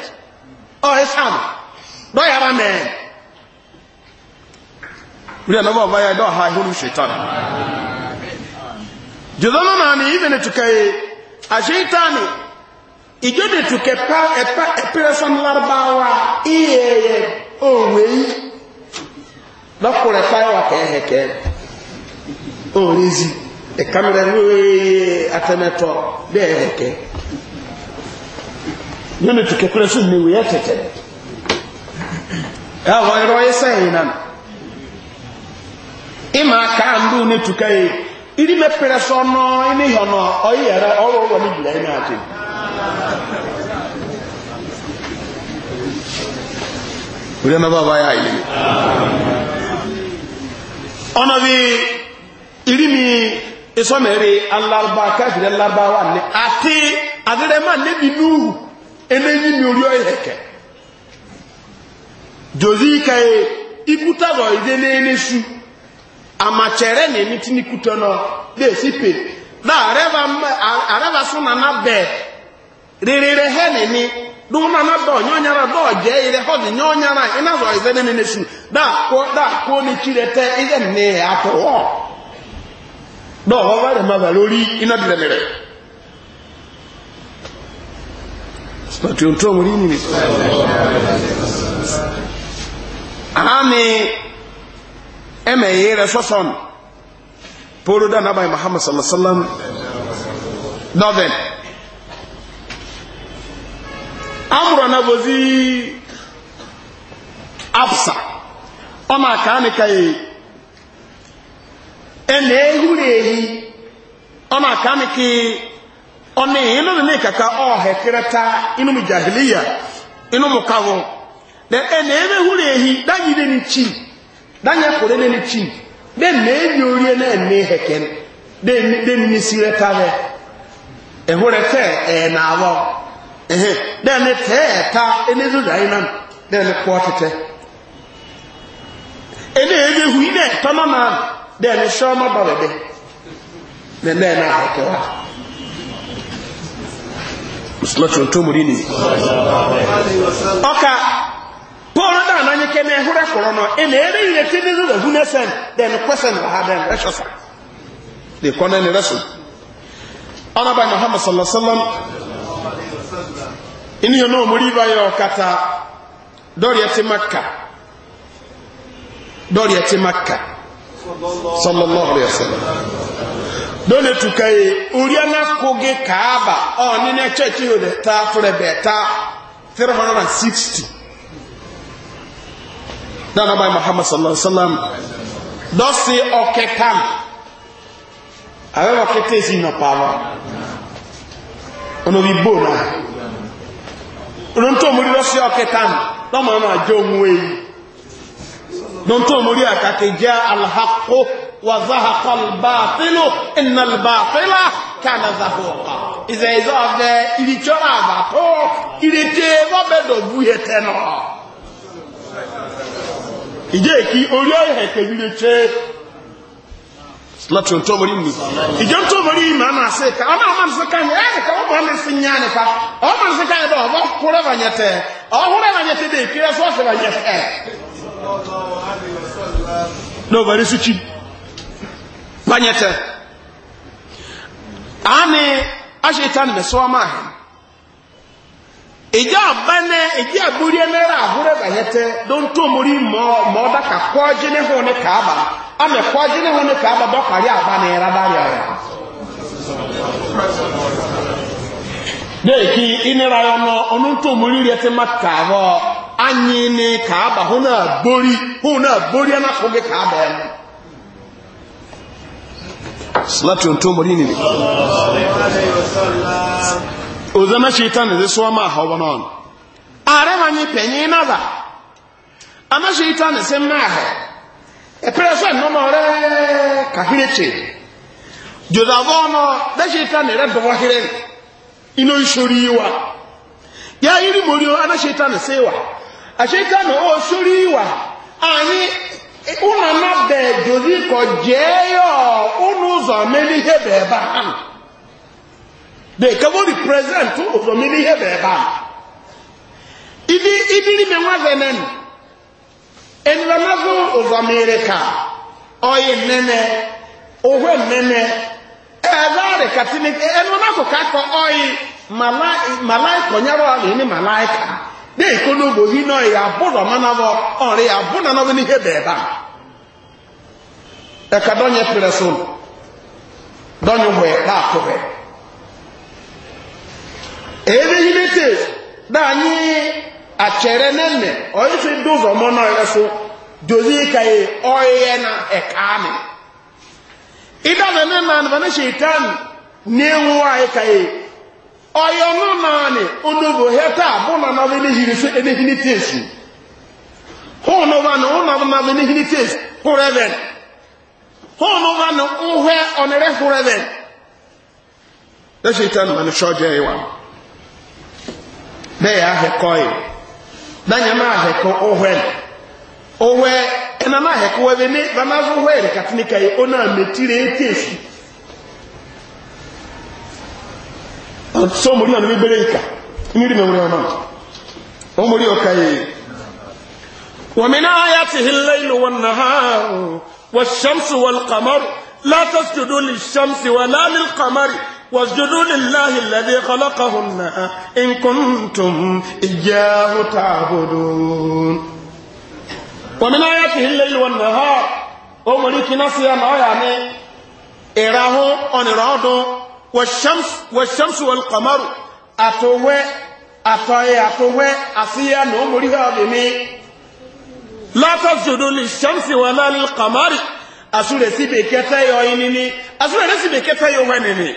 ọ̀ ẹ̀ ule na ha hulu shetani jodana na ni even tukae a shetani ijode tukepa epa epesan larbawa iye owe lọkùnrin fáyọ kẹhẹkẹ òrìzì ìkàmìlẹ wíwí atẹnẹtọ bẹẹhẹkẹ nínú tukẹkùrẹsì ni wíyẹ tẹtẹ ẹ àwọn ẹrọ ẹsẹ yìí náà ịma aka ndụ na-etuka ya iri mepere sọ nọ ime ihe ọnọ ọyị yara ọrụ ụlọ n'ibula ime atị wuri na baba ya ile ọnọ bi iri mi isọ mere alarba kafiri alarba wa ni ati adirema nebi nuhu eneyi mi ori ọyị heke jozi ikaye ibutazọ ide n'enesu amachere na emi tini kuto no de sipe na areva areva suna na be ririre he ne ni do na na do nyonyara do je ire ho de nyonyara ina zo ize ne ne su da ko da ko ni chirete ide ne ato wo do ho wa re ma ba lori ina dire mere Spatio ntomo lini ɛmɛ yi rɛ sɔsɔn poro da naba muhammad sallallahu alaihi wasallam dɔbɛn amuro na bozi absa ɔna ka yi ɛnɛ ehuri ehi ɔna kaani ki ɔne inu mi kaka ɔhɛ kireta inu mu jahiliya inu mu ebe ehuri ehi danyide ni danya kore ne ne me na ne heken de ni de ni sire tare e hore e na awo ehe de ne te ta ene zu dai nan de ne ko tete ene hu na de ne sho ma ba be ne ne na heke wa muslatun tumuri Paul da na nyeke na ehure koro no e na ere ire ti ni zo hune sen then question wa ha then resho sa. ni resho. Ana ba Muhammad sallallahu alaihi wasallam. Ini yo no muri ba yo kata dori ati Makka. Dori ati Makka. Sallallahu alaihi wasallam. Dole tukaye uriana koge Kaaba o ni na Chechi yo de ta fure beta 360 dana bai muhammad sallallahu alaihi wasallam dɔsi ɔkɛtam a bɛ bɔ kɛtɛ si nɔ paaba ɔnɔ bi bo na rontomori dɔsi ɔkɛtam dɔmɔ na dzo ŋue rontomori akake jɛ alihako wa zahakal baafilo enal baafila kana zahoka ìzẹ̀yìzọ́ ọ̀fẹ́ ìrìtsọ́ àbàtọ́ ìrètè wọ́n bẹ dọ̀ bu yẹtẹ náà. ìjẹ́ ìkí orí ọ̀hẹ̀ kẹbíre ṣe láti ọ̀tọ́ mọ̀rí mi ìjẹ́ ọ̀tọ́ mọ̀rí mi sí ká ọmọ àmà sí ká ní ẹ̀ẹ́dì ka ọmọ àmà sí nyá nípa ọmọ sí ká ọmọ kúrẹ́ bànyẹ tẹ ọhúrẹ́ bànyẹ tẹ bẹ́ẹ̀ kírẹ́ sọ́ọ̀sì bànyẹ tẹ. lọ́bàrí sùkì bànyẹ tẹ àmì àṣetánimẹ̀sọ́ ìjọ àbánẹ ìjọ àbúrí ẹnẹrẹ àhúrẹ bàyẹtẹ dóńtó mórí mọ ọdá kà kọjí ní hó ní kàába àmì kọjí ní hó ní kàába dọkàrí àbánẹ ẹrẹ adárí ọyà. déèkì ìnira ọmọ ọdúntó rẹ ti má ní náà gbórí náà gbórí mórí nìyí. ozana shaitan ne so ma ha wono are ma ni penyi na za ana shaitan se ma ha e pere so no mo re ka hireche jo da wono da shaitan ne re wa hire ino ishori wa ya iri mori ana shaitan se wa a shaitan o shori wa ani una na be jozi ko jeyo unu zo meli hebe ba ha they can only present to of the mini here there ibi ibi ni mewa venen enramazo oyi nene uwe nene ohwe nene ezare katini enramazo kako oye oyi malaika konyaro ali ni malaika de ikono bo hino ya boro manavo ore ya bona no ni hebe ba e ka donye preso donye we na ko ebe himete da anyị achere nene oife ndị ụzọ mọ n'ọrịa so dozi ka ye ọhịa na ekani ịda na nne na nbana shetan na-enwu anyị ka ye ọhịa ọnụ naanị onobo heta bụ na nọbụ enehilitesi hụnụ ba na ụnọ nọbụ enehilitesi hụrụ ebe hụnụ ba na nhwe ọnere hụrụ ebe na shetan ma na shọjọ ya ịwa bẹ́ẹ̀ yà ahẹ́kọ́ yìí dányà máa ahẹ́kọ́ ọ̀hẹ́ ọ̀hẹ́ ẹ̀nà máa ahẹ́kọ́ ẹ̀bẹ̀ ní bàmá fún ọ̀hẹ́ rẹ̀ kàtíníkà yìí ó náà mẹtírẹ̀ ètí èsì sọmọdé ọ̀nà bíbélé ìkà nírí mẹ́wúrẹ́ ọ̀nà ọmọdé ọ̀ka yìí wọ̀mìnà ayatihi lẹ́yìn wọn nàá wọ́n ṣàmṣì wọn kàmọ́rù látọ̀ واسجدوا لله الذي خلقهن إن كنتم إياه تعبدون ومن آياته الليل والنهار أمريك نصيا معياني إراه أنراد والشمس والشمس والقمر أتوه أتوه أتوه أسيا نومريها بمي لا تسجدوا للشمس ولا للقمر أسورة سيبكتا يوينيني أسورة سيبكتا يوينيني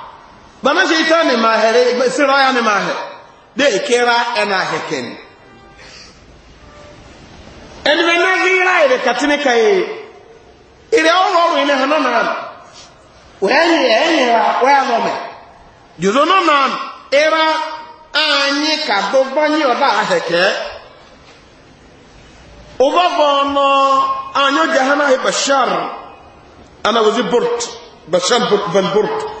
bana shi ita ne mahere sira ya ne mahe de ikera ena heken en me na hira ire katine kai ire oro ro ine hanana we enye enye ra we azome juzo no na era anyi ka gbogbo nyi oda aheke ubabo no anyo jahana he bashar ana wazi burt bashar burt van burt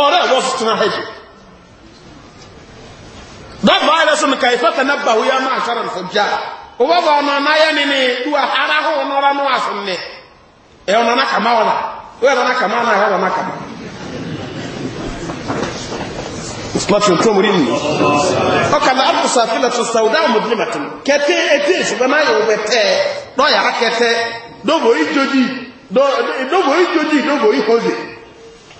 ọ̀rẹ́ ẹ̀wọ́ tuntun náà hẹ́jì dábàá ẹ̀rẹ́ sọ̀rọ̀ kà ìfẹ́ tẹ̀ náà bàwí àmà àṣàrà nfọ̀jà òwò bá ọ̀nà náyẹ nínú ìdúwà ara hó ọ̀nà ọ̀rọ̀ náà sùn ní ẹ̀ ọ̀nà náà kàmá ọ̀nà ó yẹ ọ̀nà kàmá náà ọ̀nà kàmá. Islamtun tó múrí nìyí. Ọkà náà àbùsà fílẹ̀ tó sàwùdá àmùdílìmàtìmù. Kẹ̀tẹ́ etí ìṣùgbọ́n náà yóò bẹ̀ tẹ́ lọ́yàrá kẹ̀tẹ́ dóbò ìjòjì dóbò ìjòjì dóbò ìhòzè.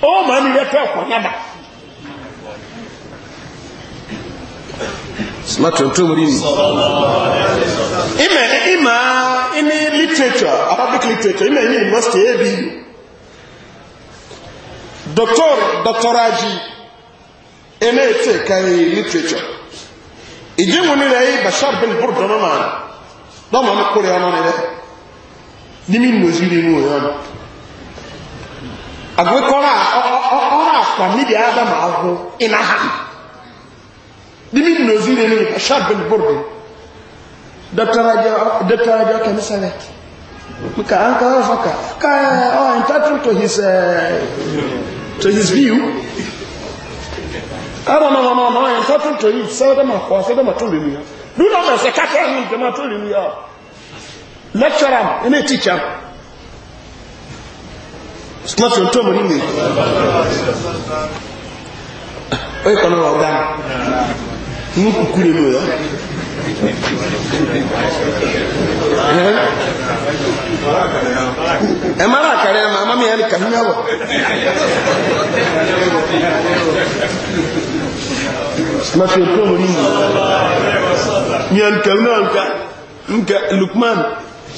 ó ma ní rẹ̀ tẹ́ ọ̀pọ̀ yádà ìmẹ̀ ìmà ní literature arabic literature ìmẹ̀ ní university abu doctor doctoraji ẹni ètò ìkàrí literature ìjíwò ní rẹ̀ bashar bin burda náà lọ́mọ̀ ní kúrẹ̀ ọmọ ní rẹ̀ ní mímọ̀ sí nínú ìyọ́nà agwekọrọ ọrụ akwa mmiri ada ma ahụ ịna ha dimiri n'ozi ile n'ihi ashad bin burbi dọktara ajọ kemi senate ka ọ entitled to his uh, to his view ara na na na entitled to his seldom akwa seldom atụrụ iwu ya do not mess a kakọ ahụ nke ma atụrụ ya lecturer m eme teacher sinatun tó mú nílé ó yẹ kọ́ náà ọ̀gá inú kúkú lè lò yọ. ẹ má rà kàrẹ́ ẹ̀ máa mi ẹ̀ kà ń yàwọ̀. sinatun tó mú nílé yẹn nkà náà nkà nkà lukman.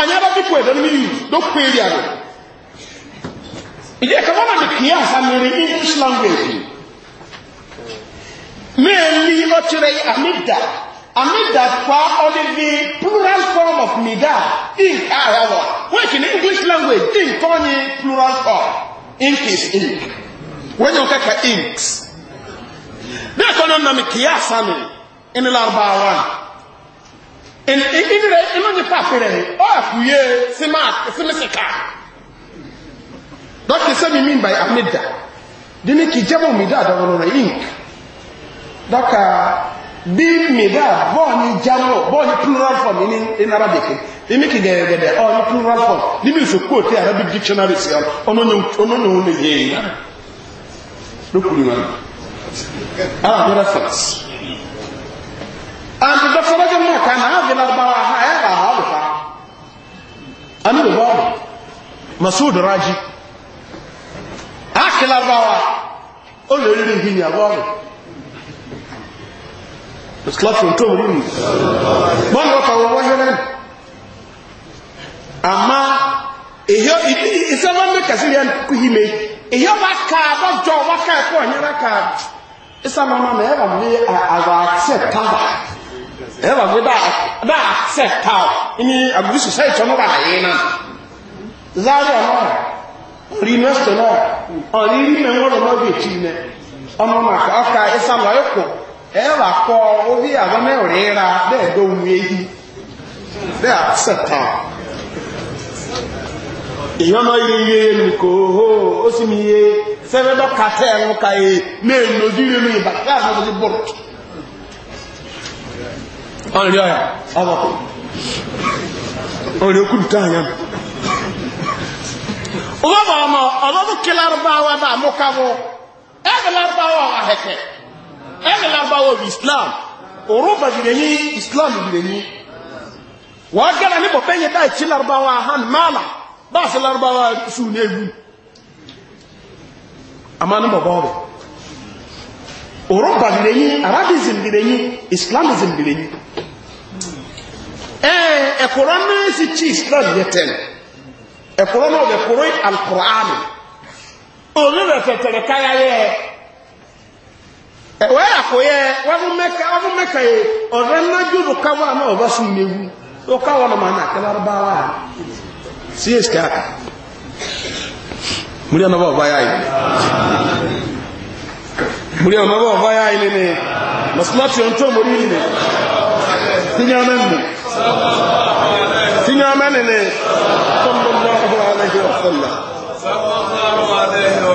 anya bá dípò ẹ̀dọ́ níbi yìí ló pé rí àrẹ ìdí ẹ̀kọ́ wọn àti kìí àsàmìrì english language mẹ́ẹ̀ni ọtírẹ̀ amídà amídà pa ọdún ní plural form of nida ink ara wọ wọ́n kì ní english language ink kọ́ ní plural form ink is ink wọ́n yóò kẹ́kẹ́ inks bí ẹ̀kọ́ náà nà mí kìí àsàmìrì ìnìlá ọba àwọn ìdílé inú ní pàfẹ́rẹ́ ọ àkúyé símísìká dọ́kì sẹ́mi mean by amida díní kì í jẹ́bọ̀ mìdá àdọ́rọ̀ rẹ̀ inc dọ́kà bí mìdá bọ́ọ̀ni jámọ̀ bọ́ọ̀ni plural form ní in arabic díní kì gẹ̀rẹ̀gẹ̀rẹ̀ ọ ní plural form díní ìsòkú òtí arabic dictionary sí ọ̀nọ́nà òun lè yé yìí lókùnrin wọn. ara ní reference àti dọ́kítọ́rọ́ jẹ́ mọ̀ kan náà fi lárúbáwá ha ẹ̀ bá ha lùfà àmì lè bọ́ masoud raji a kì lárúbáwá ó lè rí ìhìn ìyàwó rẹ̀ ìsìláfíà tó mú mi bọ́n lọ fàwọn wáyẹ́rẹ́ àmá ìsẹ́wọ́n ní kàsílẹ̀ kúhìmé ìyọ́ bá ká bọ́jọ́ wákà ẹ̀kọ́ ìyẹ́rẹ́ ká ìsàmàmà mẹ́rẹ̀ ní àwọn àṣẹ tábà ẹ̀rọ gbé dáa accept how ní àgbúrú society ọmọ bá yìí náà láàrín ọmọ rí mẹ́sọ̀ náà ọ̀rí rí mẹ́wọ́n ọmọ bí ètí nẹ ọmọ màkà ọkà ìsàlọ̀ ẹ̀kọ́ ẹ̀rọ akọ orí àwọn mẹ́rin ra bẹ́ẹ̀ dóhun èyí bẹ́ẹ̀ accept how èyàn náà yẹ iye nìkò hó ó sì mi yẹ sẹ́fẹ́ dọ́kà tẹ́ ẹ̀rọ ka yẹ mẹ́rin lójú rẹ̀ mi ìbàkẹ́ àgbàdo bọ̀rọ̀ ọ̀rẹ́ ọ̀yà ọ̀bọ̀ ọ̀rẹ́ okú dùtà ànyà ọba bọ̀ ọmọ ọlọ́dún kí lárúbáwá náà mú káwọ́ ẹ̀rẹ́ lárúbáwá ahẹ́kẹ́ ẹ̀rẹ́ islam òrùba bụ enyi islam bìrẹ̀ enyi wọ́n gẹ́ra ní bọ̀pẹ́ yẹ dáì tí lárúbáwá hàn máàlà báà sí lárúbáwá sùn ní ewu àmọ́ Uropa biri enyi, Arabism biri enyi, Islamism biri enyi. Ee, ekworo n'esi chi Islam yetem. Ekworo na ọbụ ekworo Al-Qur'an. Obi wetetere ka ya ye. Wee ya, wabụ mmeka, wabụ mmeka ya, ọzọ nnaju ụkawa na ọba n'egwu. na ma na Si aka. anọba ya yi. muri ọmọ bọ́ ọ̀fọ́ yá ilé ni masulati ọ̀ntọ́ mori yìí ni tinyọ mẹ́rin ni tinyọ mẹ́rin ni sọ́mọ́lọ́wọ́ aláhi ọ̀sọ́lá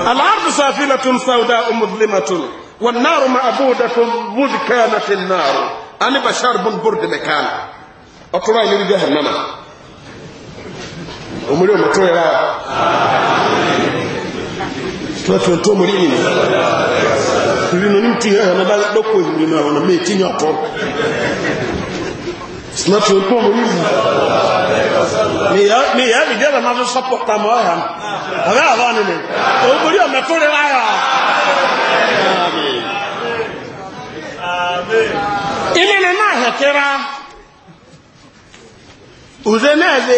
aláàbù sàfihàn tún sáwùdá ọmọdúnlẹ́mà tún wọn náà ma abúdá tún wúdi káyánà tí náà ani bashar bun burdi mekan ọtúrọ ilé bíbí hànámà omori ọmọ tó yẹra tó tó tó mori yìí ni. kurino ni ti na ba doko ni ma wona me ti nyoto snatu to mo ni mi ya mi ya mi dela ma support mo ya aga ava ni ni o bori o me tore la ya amen amen ile ne na hekera uze na ze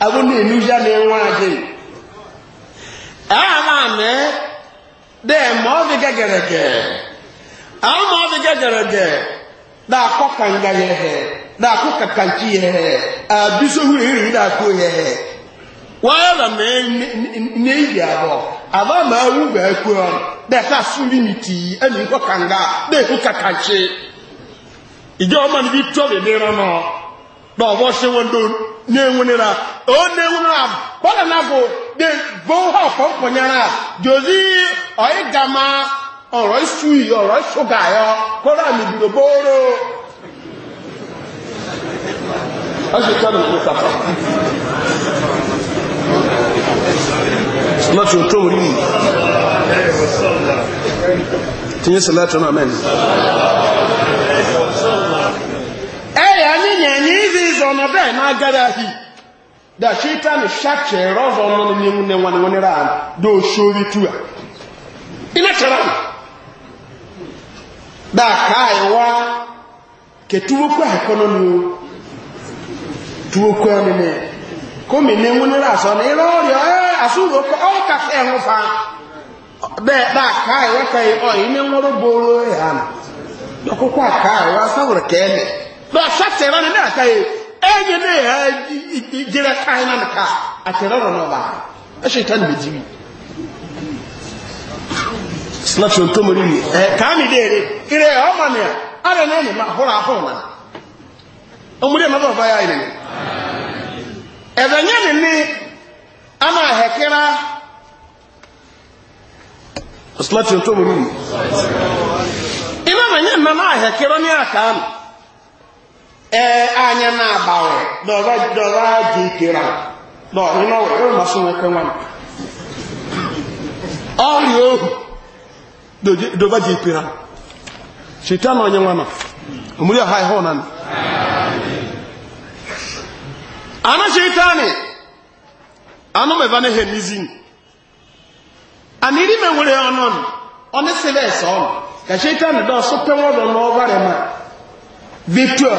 awo ne na ne nwa adi ɛyà máa mɛ dɛ mɔ bi gɛgɛrɛgɛ awo bi gɛgɛrɛgɛ dɛ akɔ kanga yɛ hɛ dɛ akɔ kakanti yɛ hɛ abisowu eri dɛ akɔ yɛ hɛ wɔyɛ mɛ abɔ mɛ awu bɛ ti ɛni nkɔ kanga dɛ kakanti ìjọba bi lè na-enwenera o na-enwenera bọ́lá náà bò dé gbóhà ọ̀pọ̀npọ̀nyára jòzí ọ̀ígàmá ọrọ isu yìí ọ̀rọ̀ ṣúgà yọ kọ́rọ̀ àmì ìdìbò bóró láti òtó ọ̀nà bẹ́ẹ̀ náà gẹ́rẹ́ ahì dà ṣe tánì ṣàkẹ̀ rọ́zọ̀ ọ̀nà ní ẹmú nẹwọn ni wọ́n ní ráà dó ṣórí túwà iná tẹ̀rà dà káàíwá kẹ túwókú àkọ́nà ni ó túwókú ẹni nẹ kómi ní ẹmú ní ráà sọ ní irọ́ ọ̀rẹ́ ẹ́ àsúrò kọ́ ọ́ kàfẹ́ ẹ̀hún fa bẹ́ẹ̀ dà káàíwá kẹ́ ọ̀ ìní wọ́rọ̀ bóró ẹ̀ hàn lọ́kọ́kọ́ àkáàíwá sáwọ̀rẹ̀ kẹ́ẹ̀lẹ̀ lọ́ ɛyɛ ne ya gyerɛ kan na nka akyerɛ ba ɛhyɛ tan ne gyiri sinatro ntomori ni eh, ɛ kaa mi de ere ere ɔma oh, ne a ara na. ne ma ahoro na ɔmo de ma bɔ ɔbaa yɛ ama ni ina a ee anya na-agbanwe dọra dị ikere ọrịa ohu doba ji ikpera cheta na onye nwana omuri ọha ihe ọnanị anụ chetani anụ mebane ha emizin anụ iri menwere ọnụ ọnụ sịlesi ọnụ ka chetani dọsụ penwọdọ n'ọgbarị ma victor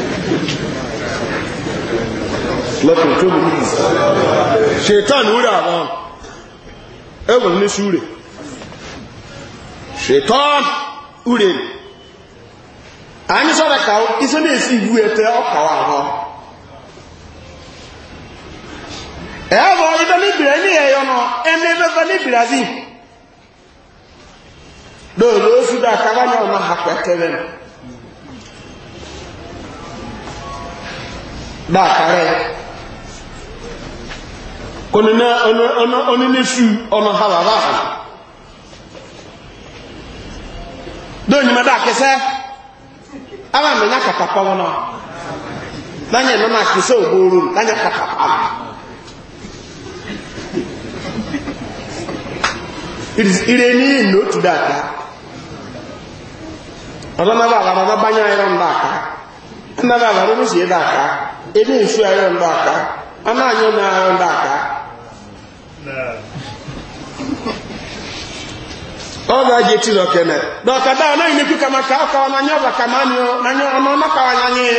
lọ́kùn tó bú ṣètàn wúrà àwọn ẹwọ̀n ní ṣúrè ṣètàn wúrè àní sọ́rọ̀ kàó iṣẹ́ ní èsì ìlú ẹ̀tẹ́ ọkàwà àwọn ẹ̀wọ̀ ibẹ̀ níbìrẹ̀ ní ẹ̀yọ́ náà ẹni ẹgbẹ́fẹ́ ní brazil lóòrò ó súdà kábányà ọ̀nà àpẹtẹ́rẹ́ náà dákàrẹ́ oninesu ọ̀nà harara ha dóònyìnbó dá kẹsẹ́ ara mi nya kàtàkọ wọn náà lányẹ nínú àkẹsẹ́ ògbóró lányẹ kàtàkọ ire ní ìlú òtù dáadáa ọ̀dọ́ náà bàbá ọ̀dọ́ bá nyá ẹ̀rọ ńlá ọba ji eti zọkene dọkada anaghị na-ekwu ka maka akawa na anya ọba kama anyụ na anya ọma makawa ya nye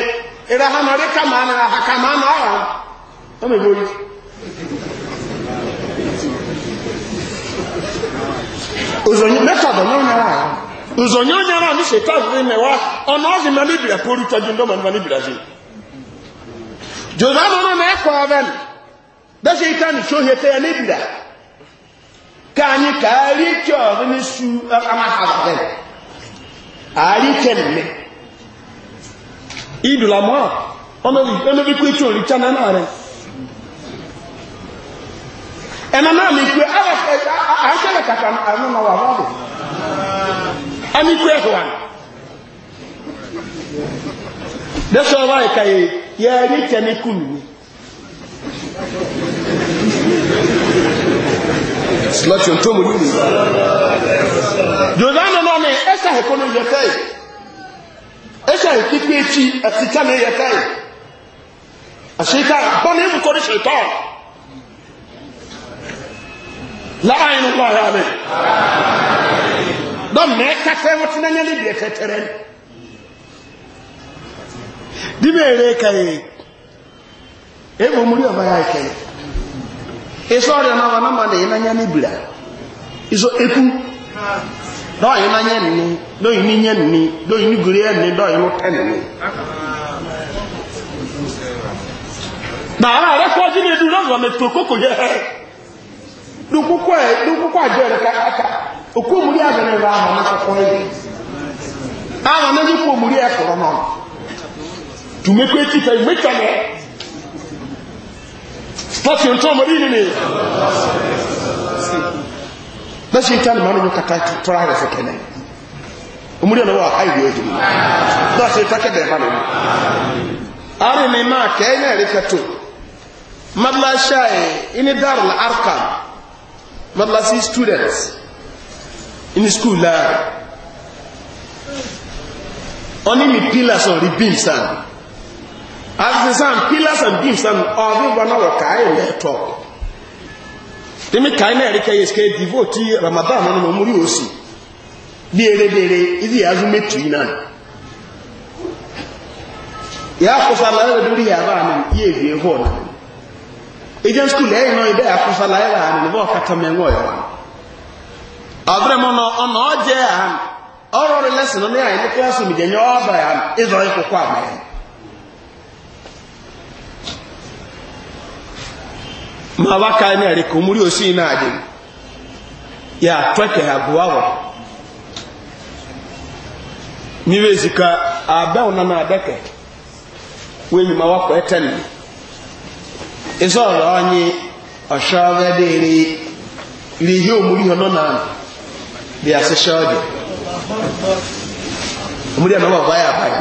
ịra ha nọrị kama ana ha kama ọ onye ara ndị shetan dị mewa ọnụ ọzị ma mebiri aka oru chọjụ ndị ọmanụ ma mebiri azị jozanụ nọ na ọven ike ya mebiri kanyi kaari kyɔɔre ne su ama habadɛn aari kɛnɛmɛ idulamɔ ɔnɔbi ɔnɔbi kpe tso ri kyana naare ɛnana mi kpe ala ɛ ankɛlɛ kata anana wa wa do ami kpe ɛfua dɛsɛ ɔba yi ka ye yɛri kɛnɛ kunu láti ọ̀tọ́ mọ̀ nínú jòdánù náà ní ẹ̀ṣà ìkọ́nà yẹ̀tẹ́ ẹ̀ṣà ìkíkẹ́ ẹ̀kí àti kánà yẹ̀tẹ́ àṣíkà bọ́nà ìbùkọ́ ní ṣètọ́ láàrin lọ́wọ́ rẹ̀ dọ́mẹ́ kẹfẹ́ wọ́n ti náà yẹ́ níbi ẹ̀fẹ́ tẹ̀rẹ́ dí mẹ́rẹ̀ kẹyẹ èèmọ̀ mú rí ọ̀bá yá kẹyẹ iso ọrịa na wana na ị iso ekwu n'anya nni n'inye nni ya nni dọọyị n'ụtọ nni bàárà rẹ kọ́ jí na edu lọ́wọ́ mi tó kókò yẹ ẹ dukukọ ẹ dukukọ àjọ rẹ kàkà òkú òmùrí àgbẹ̀rẹ̀ rẹ àwọn akọkọ yẹ láti ohun tí wọ́n mọ̀rí nínú lẹ́sìn tí a lè máa nínú kàtà tọ́ra rẹ̀ fẹ́ kẹ́lẹ̀ omúrí ọ̀nà wà áìrí ojú láti ìtàkẹ́bẹ̀ bá nínú ààrẹ mi máa kẹ́ẹ̀yìn ẹ̀rí kẹtò madlasha ini darul arka madlasi students in school la oni mi pillars of rebuild sand as the sun pillars and beams and ọdún wọn náà kàá yẹn lẹ́tọ̀ tèmi kàá náà ẹ̀ríkà yẹn sikẹ́ devote ramadan náà mo múri òsì bí erédeere ìdí yàtú the yìí náà the kóso aláyọ̀ lórí the àná yé èdè hó náà ìjẹun skul ẹ̀yìn náà ìdá yà kóso aláyọ̀ àná ní bọ́ọ̀ kàtà the yọ̀ wọn. ọ̀bẹ̀rẹ̀ mu nọ ọ̀nà ọ̀jẹ̀ àná ọ̀rọ̀ rẹ̀ lẹ́sìn náà ní àyè ní kílásì mi jẹ̀ ní ọ̀ọ́bà yà ìzọ̀ ikú kọ́ àmà yẹn. ma baka ni ari ko muri osi ina aje ya tweke ha agwawo niwezika abao na na adeke wenyu mawako etani izoro onyi oshawe iri lihi omuri hono na bi aseshaje omuri anawa baya baya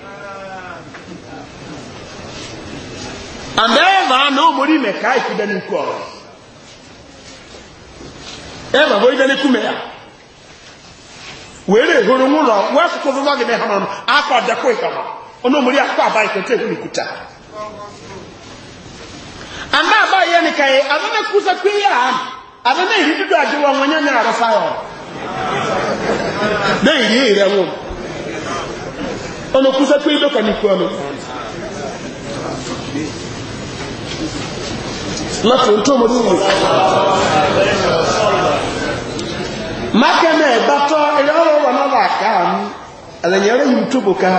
And eva na omori meka ikide n'ikwu ọrụ eva bụ ide n'ikwu ya were hụrụ n'ụlọ wee ụzọ gị akwa omori akwa n'ikuta aba ya ni ka ya ada na kusa kwe ya ha iri dudu adịwa na ya na iri iri ọnwụ ọnụ kusa kwe láti ohun tó mọ̀ nínú mákẹ́mẹ́ ìbátọ́ wà náà làkà mú ẹ̀lẹ̀yìn ọ̀rẹ́ yìí túbò ká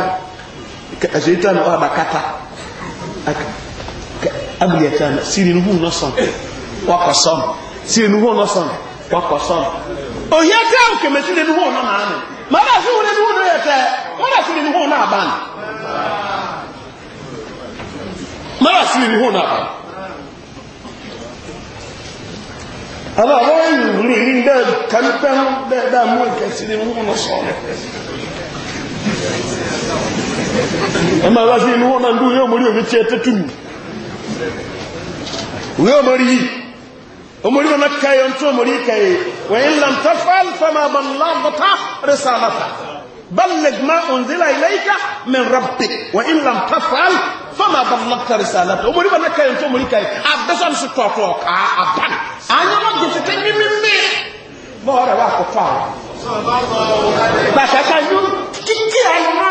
ẹ̀sẹ̀ ìtàn wà bàkátà abúlẹ̀tà sírì nuhùn náà sàn wakọ̀ sàn sírì nuhùn náà sàn wakọ̀ nke òyìn ẹ̀ka òkèmẹ̀ sírì nuhùn náà nà ánì mọ́nà sí wọn Ama àwọn ìrìn ní dẹ́ kàńpẹ́ dẹ́ mú ìkẹsí ní mú náà sọ̀rọ̀. Ẹ máa wá sí inú wọn náà dún yóò mórí omi tí ẹ tẹ́tù mú. Yóò mórí yìí. Omori wọn ká yọ ntú omori ká yẹ. Wọ́n yín lam ta fáìl fama bọ̀ ńlá bọ̀tá rẹ̀sálàtà. Balẹ̀ gbọ́n ònzílà ilé ìka mẹ́ rabbi. Wọ́n yín lam ta fáìl fama bọ̀ ńlá rẹ̀sálàtà. Omori wọn ká yọ ntú omori ká yẹ. Abẹ́sọ̀ mi sì tọ̀tọ̀ ká abáni anyama gbèsèké mímímí bọ́ọ̀ rẹ̀ wà kó fà á. gbàtàkà yóò kíkí ẹ̀ náà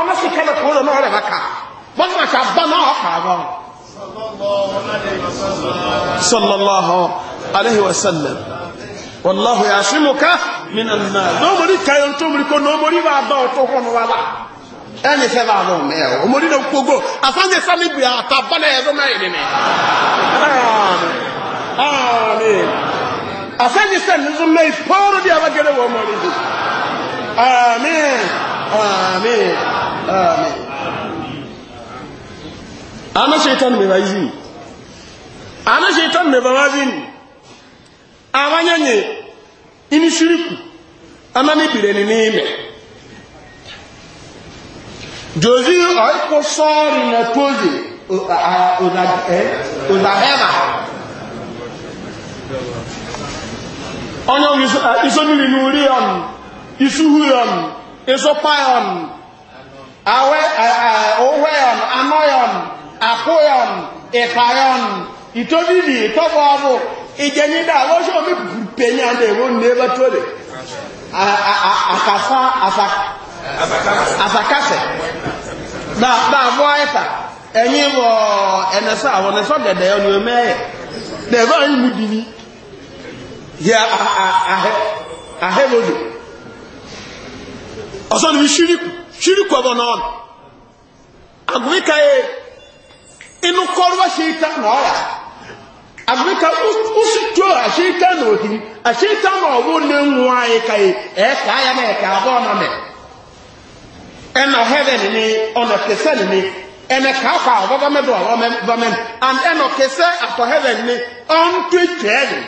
ọmọ sì kẹ́lẹ̀ kó lọ́ọ́ rẹ̀ wà ká wọ́n ti máa ṣe àbọ̀ náà ọ̀kà àbọ̀. sallallahu alayhi wa sallam wàlláhu yasimuka minna nna n'omori kayo ntomori ko n'omori b'a dɔn o tó hɔn wala ẹni fẹ́ bá lọ mẹ́ ọ ọmọdé náà gbogbo àfáàní sámi bìí àtàbọ́lẹ̀ ẹ̀rọ náà yìí nìyẹn. Amen. Asẹ́yìn sẹ́yìn nínú mẹ́ ìfọ́rọ̀ bí abágẹ́rẹ́ wọ́n mọ̀ nínú. Amen. Amen. Amen. Ana shaitan mai rayu. Ana shaitan mai barazin. Amanyanye ini shiriku. Ana ni bire ni n'ime. Jozi ọ̀ẹ́kọ̀ sọ́ọ̀rì na pozi onye isonuli eh, n'uri ọnụ isuhu ọnụ ịsọpa ọnụ awe owe eh, eh, ọnụ anọ ọnụ akwụ ọnụ ịfa ọnụ itobili ịtọba ọbụ ijenyida awọsọ mi penya na ewo na ebe tole akafa asakase na abụọ ịta enyi wọ ẹnẹsọ àwọn ẹnẹsọ dẹdẹ ọnụ eme ẹ dẹbẹ anyị mụ dini yẹ ahẹ ahẹ lóde ọsọ ni ṣíríkù ṣíríkù ọbọ náà nù àgùnmíkà yẹ inú kọrọ ṣe ìta nà ọrà àgùnmíkà ó tó àṣẹ ìta nà òhì àṣẹ ìta nà ọwọ lè ń ayé ká yẹ ẹ ká yẹ náà ẹ ká bọ ọmọ mẹ ẹnà ọhẹrẹ nìní ọnà kẹsẹ nìní a and ɛnɛ kɛsɛ atɔhɛbɛ ni ɔntwe tɛɛli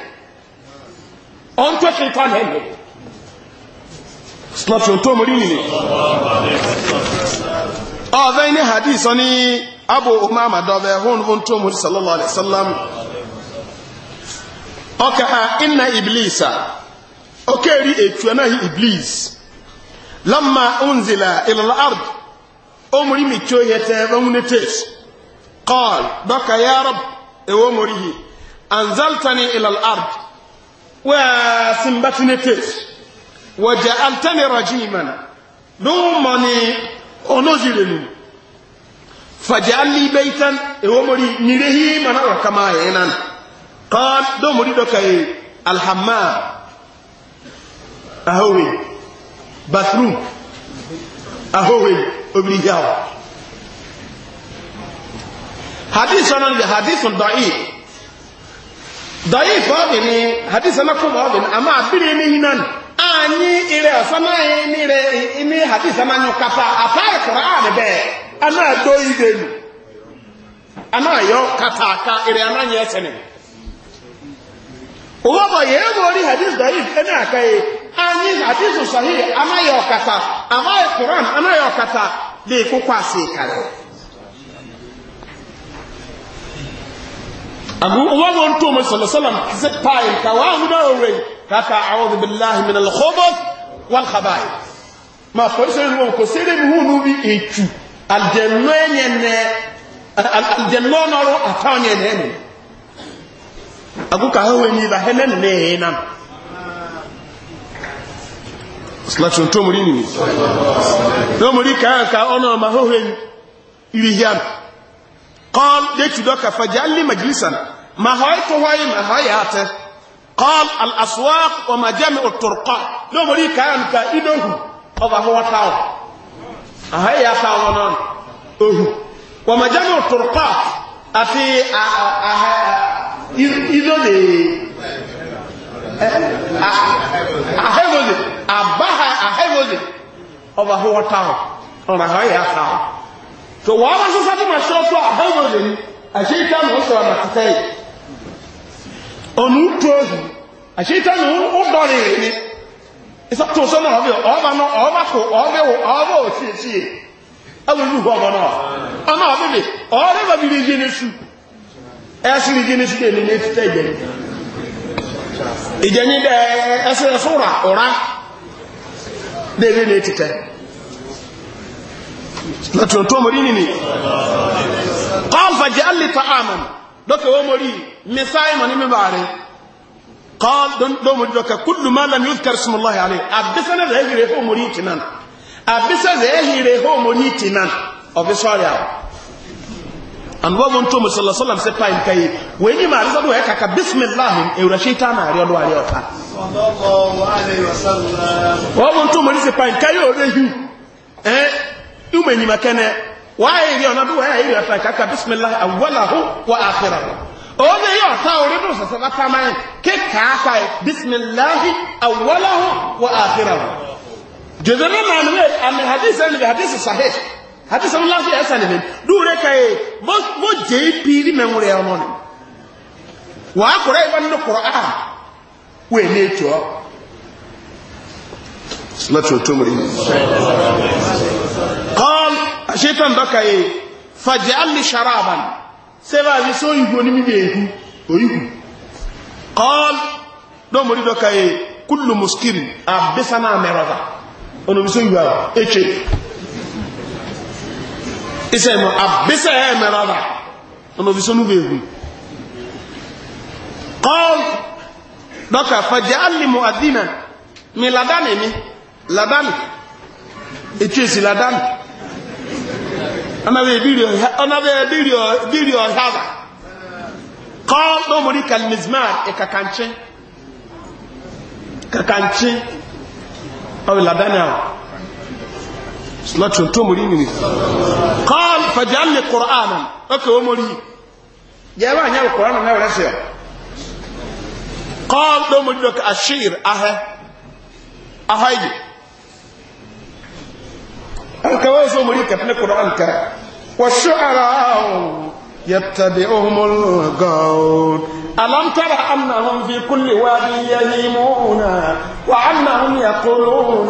ọ̀ntọ́ ṣetán ẹ̀mẹ́ slọ́tí ọ̀tọ́ mọ̀rí nìní ọ̀fẹ́ ní hadith ní abu umama dọ́fẹ́ hún hún tó mọ̀rí sallallahu alaihi sallam ọkà ha inna iblisa oké rí ètù ẹ̀náhì iblis lamma unzila ilal ard ó mọ̀rí mi tó yẹ tẹ́ ẹ̀rọ múni tẹ́s قال بك يا رب ايوه مريه انزلتني الى الارض وسنبتني كيس وجعلتني رجيما لومني أنزلني فجعل لي بيتا ومري نريه من وكما ينان قال دومري دوكاي الحمام أهوي باثروم أهوي أبريجاو حديث أنا حديث ضعيف dọ̀yìf ọ̀bìnì hadisamakuma ọ̀bìnì àmọ́ àbírí ní hinan ààyí ilẹ̀ ọ̀sánmáyé ní ilẹ̀ ní hadisamanyu kata àfáà e kọ̀rọ̀ ààrẹ bẹ́ẹ̀ aná àdó elu a kata aka ire anaghị ẹsẹ̀ nì. ụwa bọ̀ yẹ́ wọ́n rí hadis dọ̀yìf e hadis أقول أنتم صلى الله عليه وسلم حزت باين كواه نوري كاكا أعوذ بالله من الخبث والخبائث ما فويس يقول كسيري هو نبي إيتو الجنوين ين الجنوين نورو أتاني ين أقول كهو نيبا هنن نينا Slashon tó múrí nìyí. Tó múrí káàkà ọ̀nà ọmọ ahóhẹ́ ìrìyàn. Kọ́ lẹ́tùdọ́kà fàjá lè màjílísàn. ما هاي توهاي ما هاي هاته قال الأسواق ومجامع الطرقات لو مري كان كإنه هذا هو تاو هاي تاو نان أوه ومجامع الطرقات أفي إذا لي أهيبوزي أباها أهيبوزي هذا هو تاو هذا هاي تاو فوالا شو ساتي ما شو تاو أهيبوزي أشيء كان مصر ما تتاي ọ̀nà útù ohi àṣíkẹ́nù ọdọ́rì rí ìsàtúnṣọ́ ọba náà ọba kò ọbẹ̀ ọba òsì èsì è ẹwùrú ọba náà ọmọ ọbẹ̀bẹ̀ ọ̀rẹ́ bàbírí yé nésù ẹ̀sìn yé nésù dé nílé títẹ̀ ìjẹ́ مثايم اني مباري قال دون دوم دوك كل ما لم يذكر اسم الله عليه ابسنا ذي ري هو موري تنان ابسا ذي ري هو موري تنان او بسوريا ان وضو انتم صلى الله عليه وسلم سيبا ان كاي وين ما رزبو هيك كا بسم الله ايو رشيتا ما ريو دو عليه وسلم وضو انتم اللي سيبا ان كاي او ايه يومي ما يا واي ريو نبو هيك كا بسم الله اوله واخره oge yi ọ̀tá orí dùn sọ̀sọ̀ lápá máa kíkà ápá ẹ̀ bismillahi awwalahu wa akhirahu jẹ́zẹ̀rẹ́ náà ni wẹ́ àmì hadith ẹni bí hadith sahih hadith ẹni láti ẹ̀sẹ̀ nìmi dúró ka yẹ bó jẹ́ ipi rí mẹ́wúrẹ́ ọmọ ni wà á kọ̀rọ̀ ìwà sẹ́fàájú sóyìnbó ní mímẹ̀ èkú òyìnbó kọ́ọ̀lù lọ́mọdé dọ́ka yẹ kúlù mùsùkìrì àbẹ́sánà mẹ́rọ̀dà ọ̀nàbí sóyìnbó ẹ̀kẹ́ iṣẹ́ mọ́ àbẹ́sẹ̀ mẹ́rọ̀dà ọ̀nàbí sóyìnbó èkú kọ́ọ̀lù dọ́ka fàjẹ́ alìmọ̀ àdínà mi làdánì mi làdánì ètò èsì làdánì anabe biri ọha anabe biri ọ biri ọha ba kọọ n'omori kalimizman ekakankye kakankye ọbẹ ladani a sinatun tomori nini kọọ fajal ne kur'an ọkẹ omori yẹba anya wọ kur'an náà wọlé sèé kọọ n'omori dọkẹ ashir ahẹ ahẹ yìí anka wa so muri ka tne qur'an ka wa shu'ara يتبعهم الغاون ألم تر أنهم في كل واد يهيمون وأنهم يقولون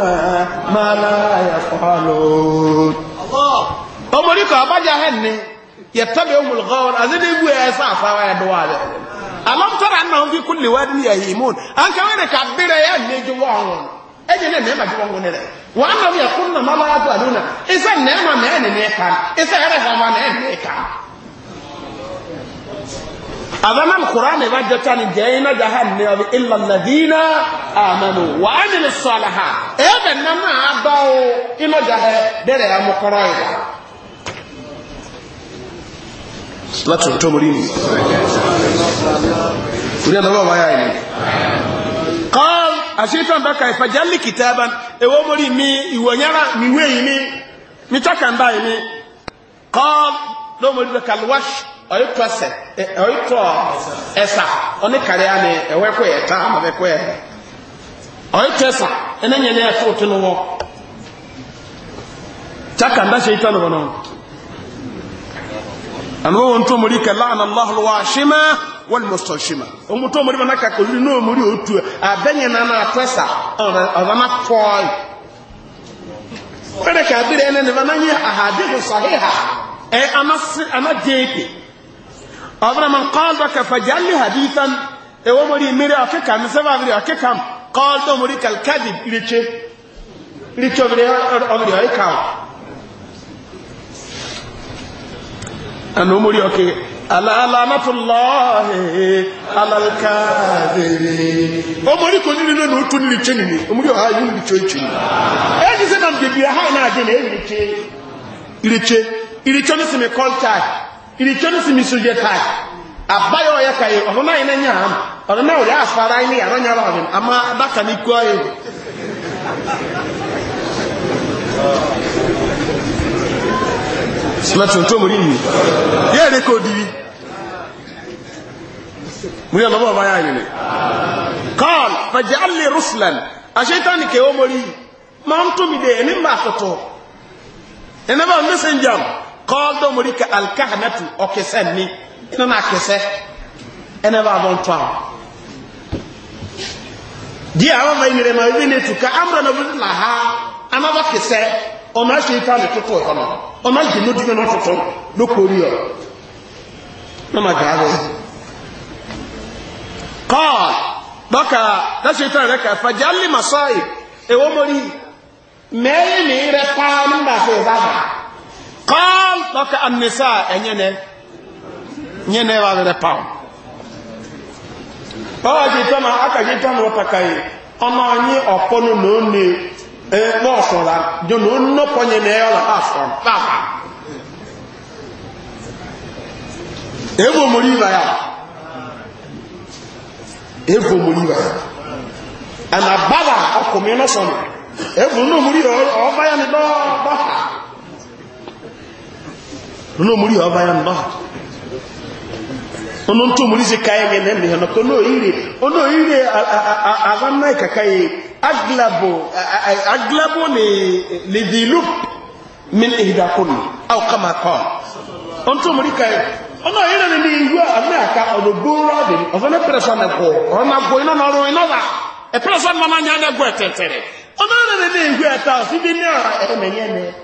ما لا يفعلون الله أمريكا أبجا هني يتبعهم الغاون أزيد يقول يا سافا ويا دوالي ألم تر أنهم في كل واد يهيمون أنك وين كبير يا نجوان ɛnyɛ ne nɛɛma bi wɔ wɔn nɛrɛ wɔn anam yɛ kun na mama ato ado na ɛsɛ nɛɛma mɛɛ ne nɛɛ kan ɛsɛ yɛrɛ hama mɛɛ ne nɛɛ kan abanam koraa na ɛba jata ne jɛɛ na gya ha ne ɔbi illa ladina amanu wa ha ɛbɛ e nam a abawo ina gya ha dɛrɛ ya mokɔrɔ yi la. Asieto e mba ka ifeja likita ebe a, ewee omori imii, ihu onye agha wiwee imii, n'ichaka mba imii, kọọlụ, n'ombe ndị ka luwachi, oyitwa se. Oyitwa ọọ. Se Esa, one ani n'iwe kwe ya taa, ọ bụ ekwe. Oyitwa esa, enyo enyo eyafu oti n'ụwa, n'ichaka mba asieto n'ụwa nọ. anwo nto muri ka laana allah alwashima walmustashima omuto muri banaka ko ni no muri otu abenye na na atwesa abana fall pere ka bire ne bananye ahadithu sahiha e anas ana jepe abra man qalbaka fajal hadithan e wo muri mere afeka mi se ba bire akeka qaldo muri kal kadib ireche ireche bire obire ka ana omori ọkẹ alalanatulahi alalkadere omori kò nílùú lónìí ó tún nílùú tse nìyí omori ọha yìí nílùú tse tse ẹni sẹ nam bèbí ẹha na dé náà ẹni tse iritse iritse ní sinmi kọltaì iritse ní sinmi sojẹtaì abayọ ọyẹ kàyé ọdún náà yìí na nyà na sinatun tó múrí yìí yẹ́ ẹ̀rẹ́ kò dìí múrí ọlọ́bọ̀ bá yá ìrìnlẹ̀ kọ́ọ̀l fẹ̀jẹ̀ alẹ́ ruslan aṣẹ́tàní kẹ́ ó múrí ma ń tó mi dẹ̀ ẹni mbà tọ̀tọ̀ ẹni bá ń mẹ́sẹ̀ ń jàm kọ́ọ̀l tó múrí ka alkahanatu ọkẹsẹ́ ni iná náà kẹsẹ́ ẹni bá bọ́ ń tọ́ àwọn díẹ̀ àwọn ọmọ ìnirẹ̀ ma wíwí ní ètùkà amúrànà wíwí làhá anábọ̀ ọmọ ṣe ìtàlẹ̀ tó tọ́ ọ̀tọ́nà ọmọ ìjì ló dúgbẹ́ náà tuntun ló kórí ọ̀ mọ́mà gàárẹ̀ kọ́ lọ́kà lọ́ṣẹ̀ ìtàlẹ̀ rẹ̀ kàfà jálì masai èwo mọ́rí mẹ́rin ní rẹ̀ pa nígbà fẹ́ ìbára kọ́ lọ́kà amnesa ẹ̀yẹnẹ yẹnẹ wà rẹ̀ pa ọ̀ọ́ ṣe ìtàlẹ̀ akàṣe ìtàlẹ̀ wọ́pàkàyè ọmọ yín ọ̀pọ̀nù lónìí ẹgbọ́ ọ̀ṣọ́ra jọna ó nọ́pọ̀ yẹn ní ẹyọ́ lọ́pàá ṣọ́ra pàápàá evo mori ibaya evo mori ibaya ẹ̀nà bàbà ọkùnrin náà sọ̀rọ̀ evo náà mori ọba yẹn ní dọ́ọ̀bà ọba yẹn ní dọ́ọ̀bà ọ̀nà tó mori ṣe káyẹ̀ ní ẹ̀nà kọ́ náà ire ọ̀nà أغلب أغلب لذيلوب من إهداكن أو كما قال أنتم مريكا ọ̀nà ìrìnà ní ìlú àmẹ́ka ọ̀dọ̀gbó rọ́dìn ọ̀fẹ́lẹ́ pẹ̀rẹ̀sán ẹ̀kọ́ ọ̀nà àgbò iná náà rọrùn iná wà ẹ̀pẹ̀rẹ̀sán máa ń yá ẹ̀gbọ́ ẹ̀tẹ̀tẹ̀rẹ̀ ọ̀nà ìrìnà ní ìlú ẹ̀ta ọ̀síbí ní ẹ̀mẹ̀yẹ́mẹ́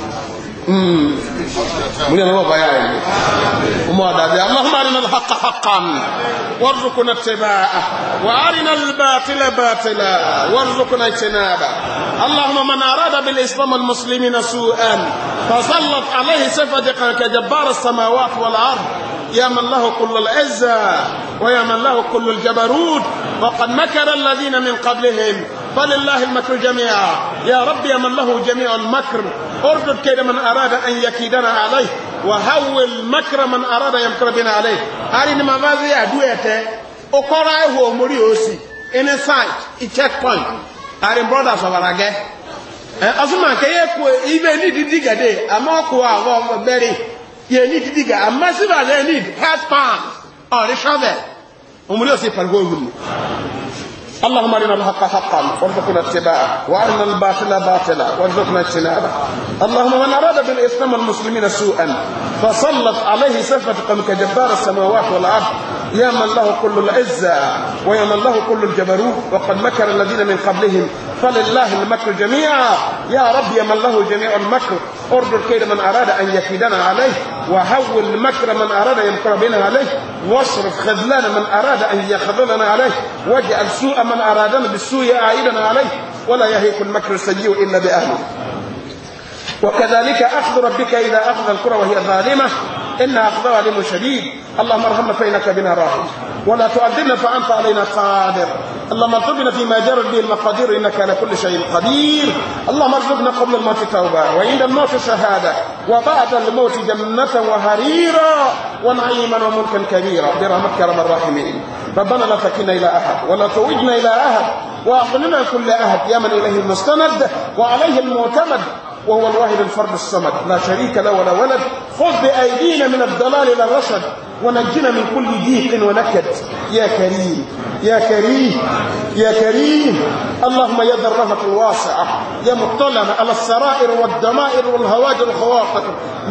من الله بيان وما دابي اللهم أرنا الحق حقا وارزقنا اتباعه وأرنا الباطل باطلا وارزقنا اجتنابه اللهم من أراد بالإسلام المسلمين سوءا فسلط عليه سفدقا كجبار السماوات والأرض يا من له كل العزة ويا من له كل الجبروت وقد مكر الذين من قبلهم فلله المكر جميعا يا رب يا من له جميع المكر اردد كيد من أراد أن يكيدنا عليه وهول مكر من أراد يمكر بنا عليه أرين مغازي أدويته أقرأه ومري أوسي inside i checkpoint أرين brothers of Arage أصلا كيكو إذا نيد ديجا دي أما كوا بري ينيد ديجا أما سيبا ينيد هاس بان أو رشاوة ومري أوسي فرغوه اللهم ارنا الحق حقا وارزقنا اتباعه وارنا الباطل باطلا وارزقنا اجتنابه اللهم من اراد بالاسلام المسلمين سوءا فسلط عليه سفة قمك جبار السماوات والارض يا من له كل العزه ويا من له كل الجبروت وقد مكر الذين من قبلهم فلله المكر جميعا يا رب يا من له جميع المكر اردر كيد من اراد ان يكيدنا عليه وهول مكر من اراد ان يمكر بنا عليه واصرف خذلان من أراد أن يخذلنا عليه واجعل سوء من أرادنا بالسوء عائدنا عليه ولا يهيك المكر السيء إلا بأهله وكذلك أخذ ربك إذا أخذ الكرة وهي ظالمة إن أخذها لمشديد شديد اللهم ارحمنا فإنك بنا راحم ولا تؤذنا فأنت علينا قادر اللهم ارزقنا فيما جرت به المقادير إنك على كل شيء قدير اللهم ارزقنا قبل الموت توبة وعند الموت شهادة وبعد الموت جنة وهريرا ونعيما وملكا كبيرا برحمتك يا رب الراحمين ربنا لا تكلنا إلى أحد ولا توجنا إلى أحد وأخلنا كل أحد يا من إليه المستند وعليه المعتمد وهو الواحد الفرد الصمد لا شريك له ولا ولد خذ بأيدينا من الضلال إلى الرشد ونجنا من كل ضيق ونكد يا كريم يا كريم يا كريم اللهم يا ذا الرحمة الواسعة يا مطلنا على السرائر والدمائر والهواجر والخواطر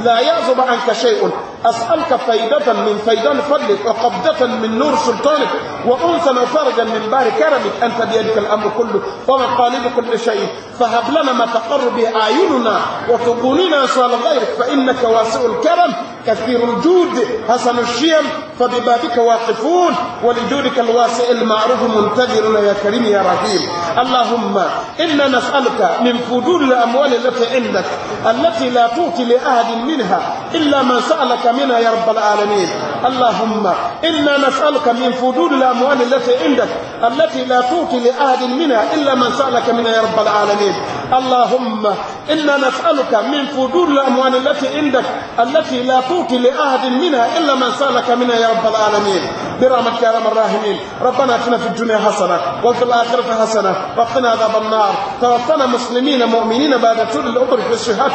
لا يعزب عنك شيء أسألك فايدة من فيضان فضلك وقبضة من نور سلطانك وأنسا وفرجا من بار كرمك أنت بيدك الأمر كله ومقالب كل شيء فهب لنا ما تقر به أعيننا وتقولنا صال غيرك فإنك واسع الكرم كثير الجود حسن الشيم فببابك واقفون ولجودك الواسع المعروف منتظرنا يا كريم يا رحيم اللهم إنا نسألك من فضول الأموال التي عندك التي لا توتي لأحد منها إلا من سألك منا يا رب العالمين اللهم إنا نسألك من فدود الأموال التي عندك التي لا توتي لأحد منها إلا من سألك منها يا رب العالمين اللهم إنا نسألك من فدود الأموال التي عندك التي لا توتي لأحد منها إلا من سألك منها يا رب العالمين برحمتك يا رب الراحمين ربنا اتنا في الدنيا حسنة وفي الآخرة حسنة وقنا عذاب النار توفنا مسلمين مؤمنين بعد طول الأمر في صحة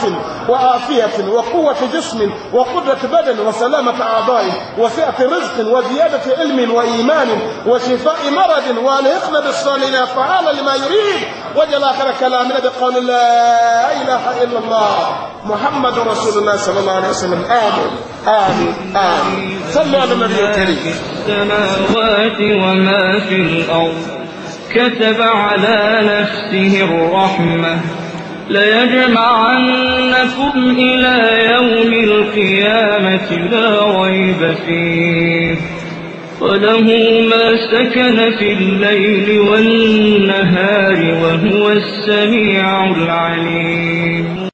وعافية وقوة جسم وقدرة بدن وسلامة أعضاء وسعة رزق وزيادة علم وإيمان وشفاء مرض والهقنا بالصالحين فعال لما يريد وجل آخر كلامنا بقول لا إله إلا الله محمد رسول الله صلى الله عليه وسلم آمين آمين آمين صلى على النبي الكريم السماوات وما في الأرض كتب على نفسه الرحمة ليجمعنكم إلى يوم القيامة لا ريب فيه وله ما سكن في الليل والنهار وهو السميع العليم